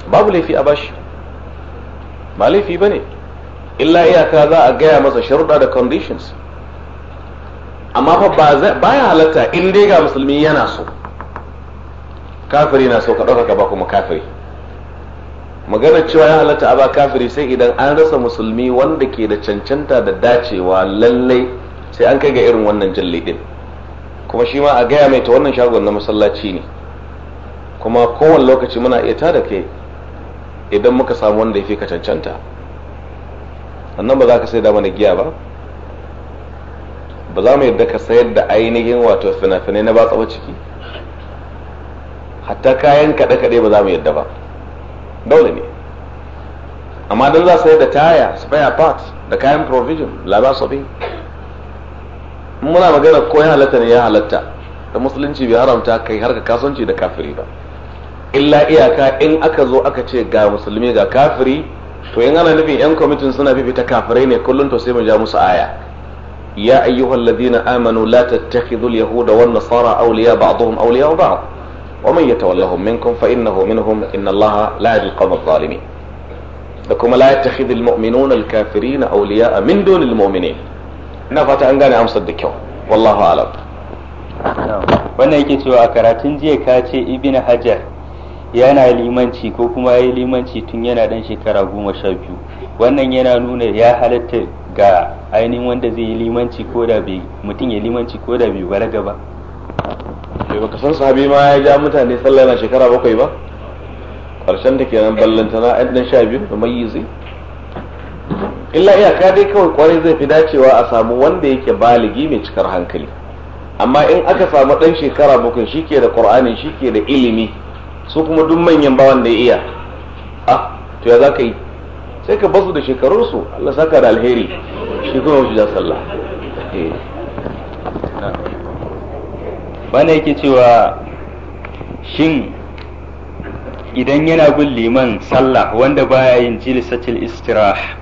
Speaker 1: babu laifi a bashi ba laifi ba ne illa iyaka za a gaya masa sharuɗa da conditions amma fa ba ya halatta in dai ga musulmi yana so kafiri na so ka ɗaukaka ka ba kuma kafiri maganar cewa ya halatta a ba kafiri sai idan an rasa musulmi wanda ke da cancanta da dacewa lallai sai an kai ga irin wannan jalli din kuma shi ma a gaya mai ta wannan shagon na masallaci ne kuma kowane lokaci muna iya da kai idan muka samu wanda ya fi ka cancanta sannan ba za ka sai da mana giya ba ba za mu yadda ka sayar da ainihin wato fina-finai na batsa ciki hatta kayan kaɗe-kaɗe ba za mu yadda ba dole ne amma don za su da taya spare parts da kayan provision labar su in muna magana ko ya halatta ne ya halatta da musulunci bai haramta kai har ka kasance da kafiri ba illa iyaka in aka zo aka ce ga musulmi ga kafiri to in ana nufin yan kwamitin suna fifita kafirai ne kullum to sai mu ja musu aya ya ayyuhal ladina amanu la tattakhidhu al yahuda wan nasara awliya ba'dhum awliya ba'd ومن يتولهم منكم فإنه منهم إن الله لا يهدي القوم الظالمين لكم لا يتخذ المؤمنون الكافرين أولياء من دون المؤمنين ina fata an gane amsar da kyau
Speaker 2: wallahu alam wannan yake cewa a karatun jiya ka ce ibn hajar yana limanci ko kuma ya yi limanci tun yana dan shekara goma sha biyu wannan yana nuna ya halatta ga ainihin wanda zai yi limanci ko da bai mutum ya limanci ko da bai balaga ba baka san sahabi ma ya ja mutane sallah
Speaker 1: yana shekara bakwai ba ƙarshen ta kenan ballantana ɗan ɗan sha biyu da mayyizi illa ka dai kawai kwarai zai fi dacewa a samu wanda yake baligi mai cikar hankali amma in aka samu ɗan shekara bakwai shike da shi shike da ilimi su kuma duk manyan ba wanda ya iya ah to ya zaka yi sai ka basu da shekarunsu Allah saka da alheri shi kuma wuce sallah eh
Speaker 2: bana yake cewa shin idan yana bin liman sallah wanda baya yin jilisatil istirah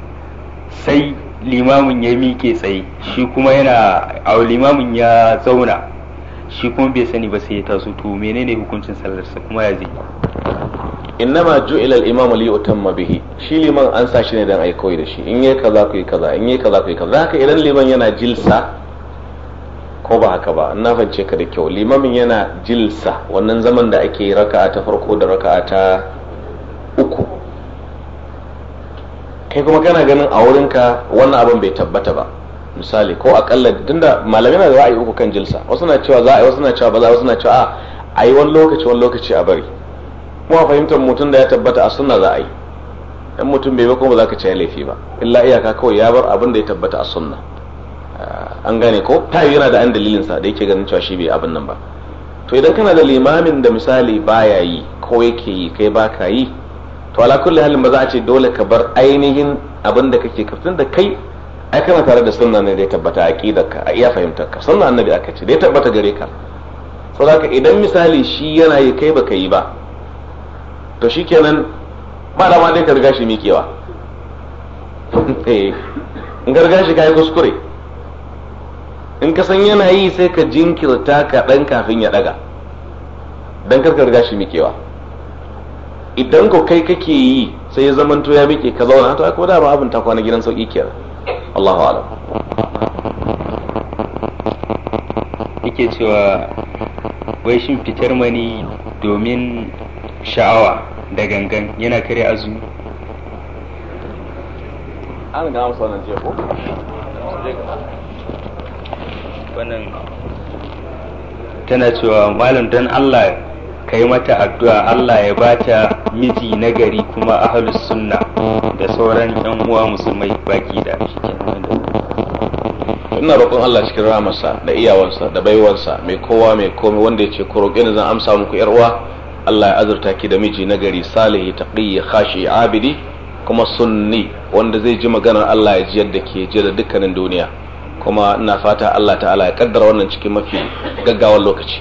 Speaker 2: sai limamin ya miƙe tsaye shi kuma yana a limamin ya zauna shi kuma bai sani ba sai ya taso to menene hukuncin sallarsa kuma ya zai innama ju'ila al-imamu li utamma bihi shi liman an sa shi
Speaker 1: ne dan ai kawai da shi in yayi kaza kai kaza in yayi kaza kai kaza haka idan liman yana jilsa ko ba haka ba na fahimce ka da kyau limamin yana jilsa wannan zaman da ake raka'a ta farko da raka'a ta uku kai kuma kana ganin a wurinka wannan abin bai tabbata ba misali ko akalla tunda malamai na za a yi uku kan jilsa wasu na cewa za a yi wasu na cewa ba za a wasu na cewa a yi wani lokaci wani lokaci a bari kuma fahimtar mutum da ya tabbata a sunna za a yi ɗan mutum bai ba kuma ba za ka ci laifi ba illa iyaka kawai ya bar abin da ya tabbata a sunna ah, an gane ko ta yi yana da an dalilinsa da yake ganin cewa shi bai abin nan ba to idan kana da limamin da misali baya yi ko yake yi kai ba ka yi to ala kulli halin ba za a ce dole ka bar ainihin abin da kake kafin da kai ai kana tare da sunna ne da ya tabbata a aqidarka a iya fahimtar ka sunna annabi aka ce da ya tabbata gare ka zaka idan misali shi yana yi kai baka yi ba to shikenan ba da ma dai ka riga shi miƙewa [LAUGHS] eh, in ka riga shi kai kuskure in ka san yana yi sai ka jinkirta kaɗan kafin ya ɗaga don karka riga shi miƙewa idan ko kai kake yi sai ya zama ya miƙe ka zauna to
Speaker 2: ko dama abin ta kwana gidan sauƙi kenan Allahu alam yake cewa wai shin fitar mani domin sha'awa da gangan yana kare azumi
Speaker 1: an ga amsa jiya
Speaker 2: wannan tana cewa malam dan Allah ka yi mata addu'a Allah ya bata miji nagari kuma ahlus sunna da sauran yan uwa musulmai baki da ina roƙon Allah cikin rahamarsa
Speaker 1: da iyawarsa da baiwarsa mai kowa mai komai wanda ya ce ku roƙe ni zan amsa muku yar uwa Allah ya azurta ki da miji nagari salihi taqi khashi abidi kuma sunni wanda zai ji maganar Allah ya ji yadda ke ji da dukkanin duniya kuma ina fata Allah ta'ala ya kaddara wannan cikin mafi gaggawar lokaci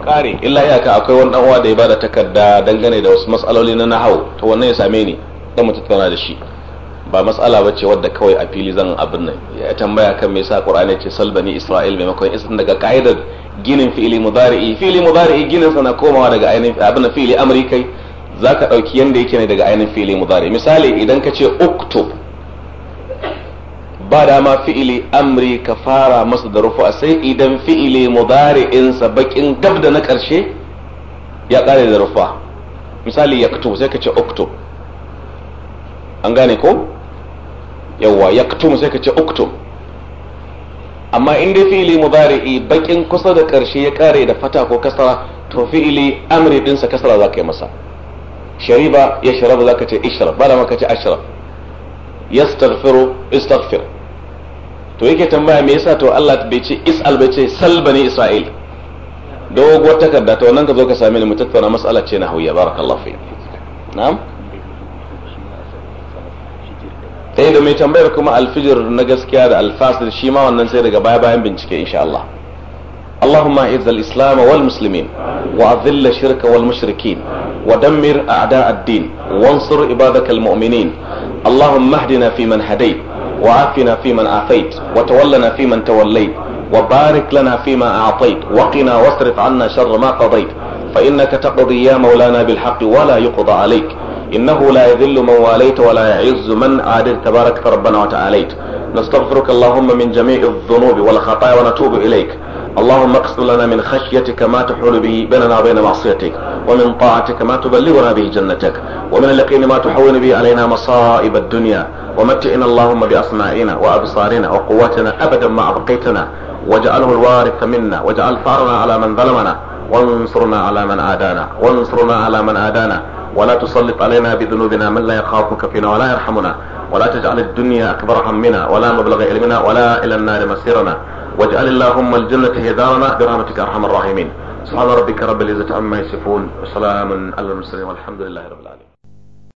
Speaker 1: kare illa iyaka akwai wani dan uwa da ya bada takarda dangane da wasu matsaloli na nahau to wannan ya same ni dan mu tattauna da shi ba matsala ba ce wadda kawai a fili zan abin nan ya tambaya kan me yasa qur'ani ce salbani isra'il maimakon isan daga ka'idar ginin fi'ili mudari'i fi'ili mudari'i ginin sana na komawa daga ainihin abin fi'ili amri kai za ka ɗauki yadda yake ne daga ainihin fi'ili mudari misali idan ka ce uktub ba dama fi'ili amri ka fara masa da rufa sai idan fi'ili mudari insa bakin gab da na ƙarshe ya ƙare da rufa misali yaktub sai ka ce uktub an gane ko yawwa yaktum sai ka ce uktub amma in dai fi'ili mudari'i bakin kusa da ƙarshe ya ƙare da fata ko kasara to fi'ili amri ɗinsa kasara za ka yi masa shariba ya sharaba za ka ce ishrab ba da maka ce ashrab ya staghfiru istaghfir to yake tambaya me yasa to Allah bai ce is'al bai ce sal bani isra'il dogo takarda to nan ka zo ka same ni mu tattauna mas'ala ce na hauya barakallahu fi na'am sai eh, da mai tambayar kuma alfijir na gaskiya da alfasir shi ma wannan sai daga baya bayan bincike insha Allah اللهم اعز الاسلام والمسلمين واذل الشرك والمشركين ودمر اعداء الدين وانصر عبادك المؤمنين اللهم اهدنا فيمن هديت وعافنا فيمن عافيت وتولنا فيمن توليت وبارك لنا فيما اعطيت وقنا واصرف عنا شر ما قضيت فانك تقضي يا مولانا بالحق ولا يقضى عليك انه لا يذل من واليت ولا يعز من عادل تبارك ربنا وتعاليت نستغفرك اللهم من جميع الذنوب والخطايا ونتوب اليك اللهم اقسم لنا من خشيتك ما تحول به بيننا وبين معصيتك ومن طاعتك ما تبلغنا به جنتك ومن اليقين ما تحول به علينا مصائب الدنيا ومتئنا اللهم بأسمائنا وأبصارنا وقواتنا أبدا ما أبقيتنا واجعله الوارث منا واجعل ثارنا على من ظلمنا وانصرنا على من عادانا وانصرنا على من عادانا ولا تسلط علينا بذنوبنا من لا يخافك فينا ولا يرحمنا ولا تجعل الدنيا أكبر همنا ولا مبلغ علمنا ولا إلى النار مسيرنا واجعل اللهم الجنة هي دارنا برحمتك أرحم الراحمين سبحان ربك رب العزة عما يصفون وسلام على المرسلين والحمد لله رب العالمين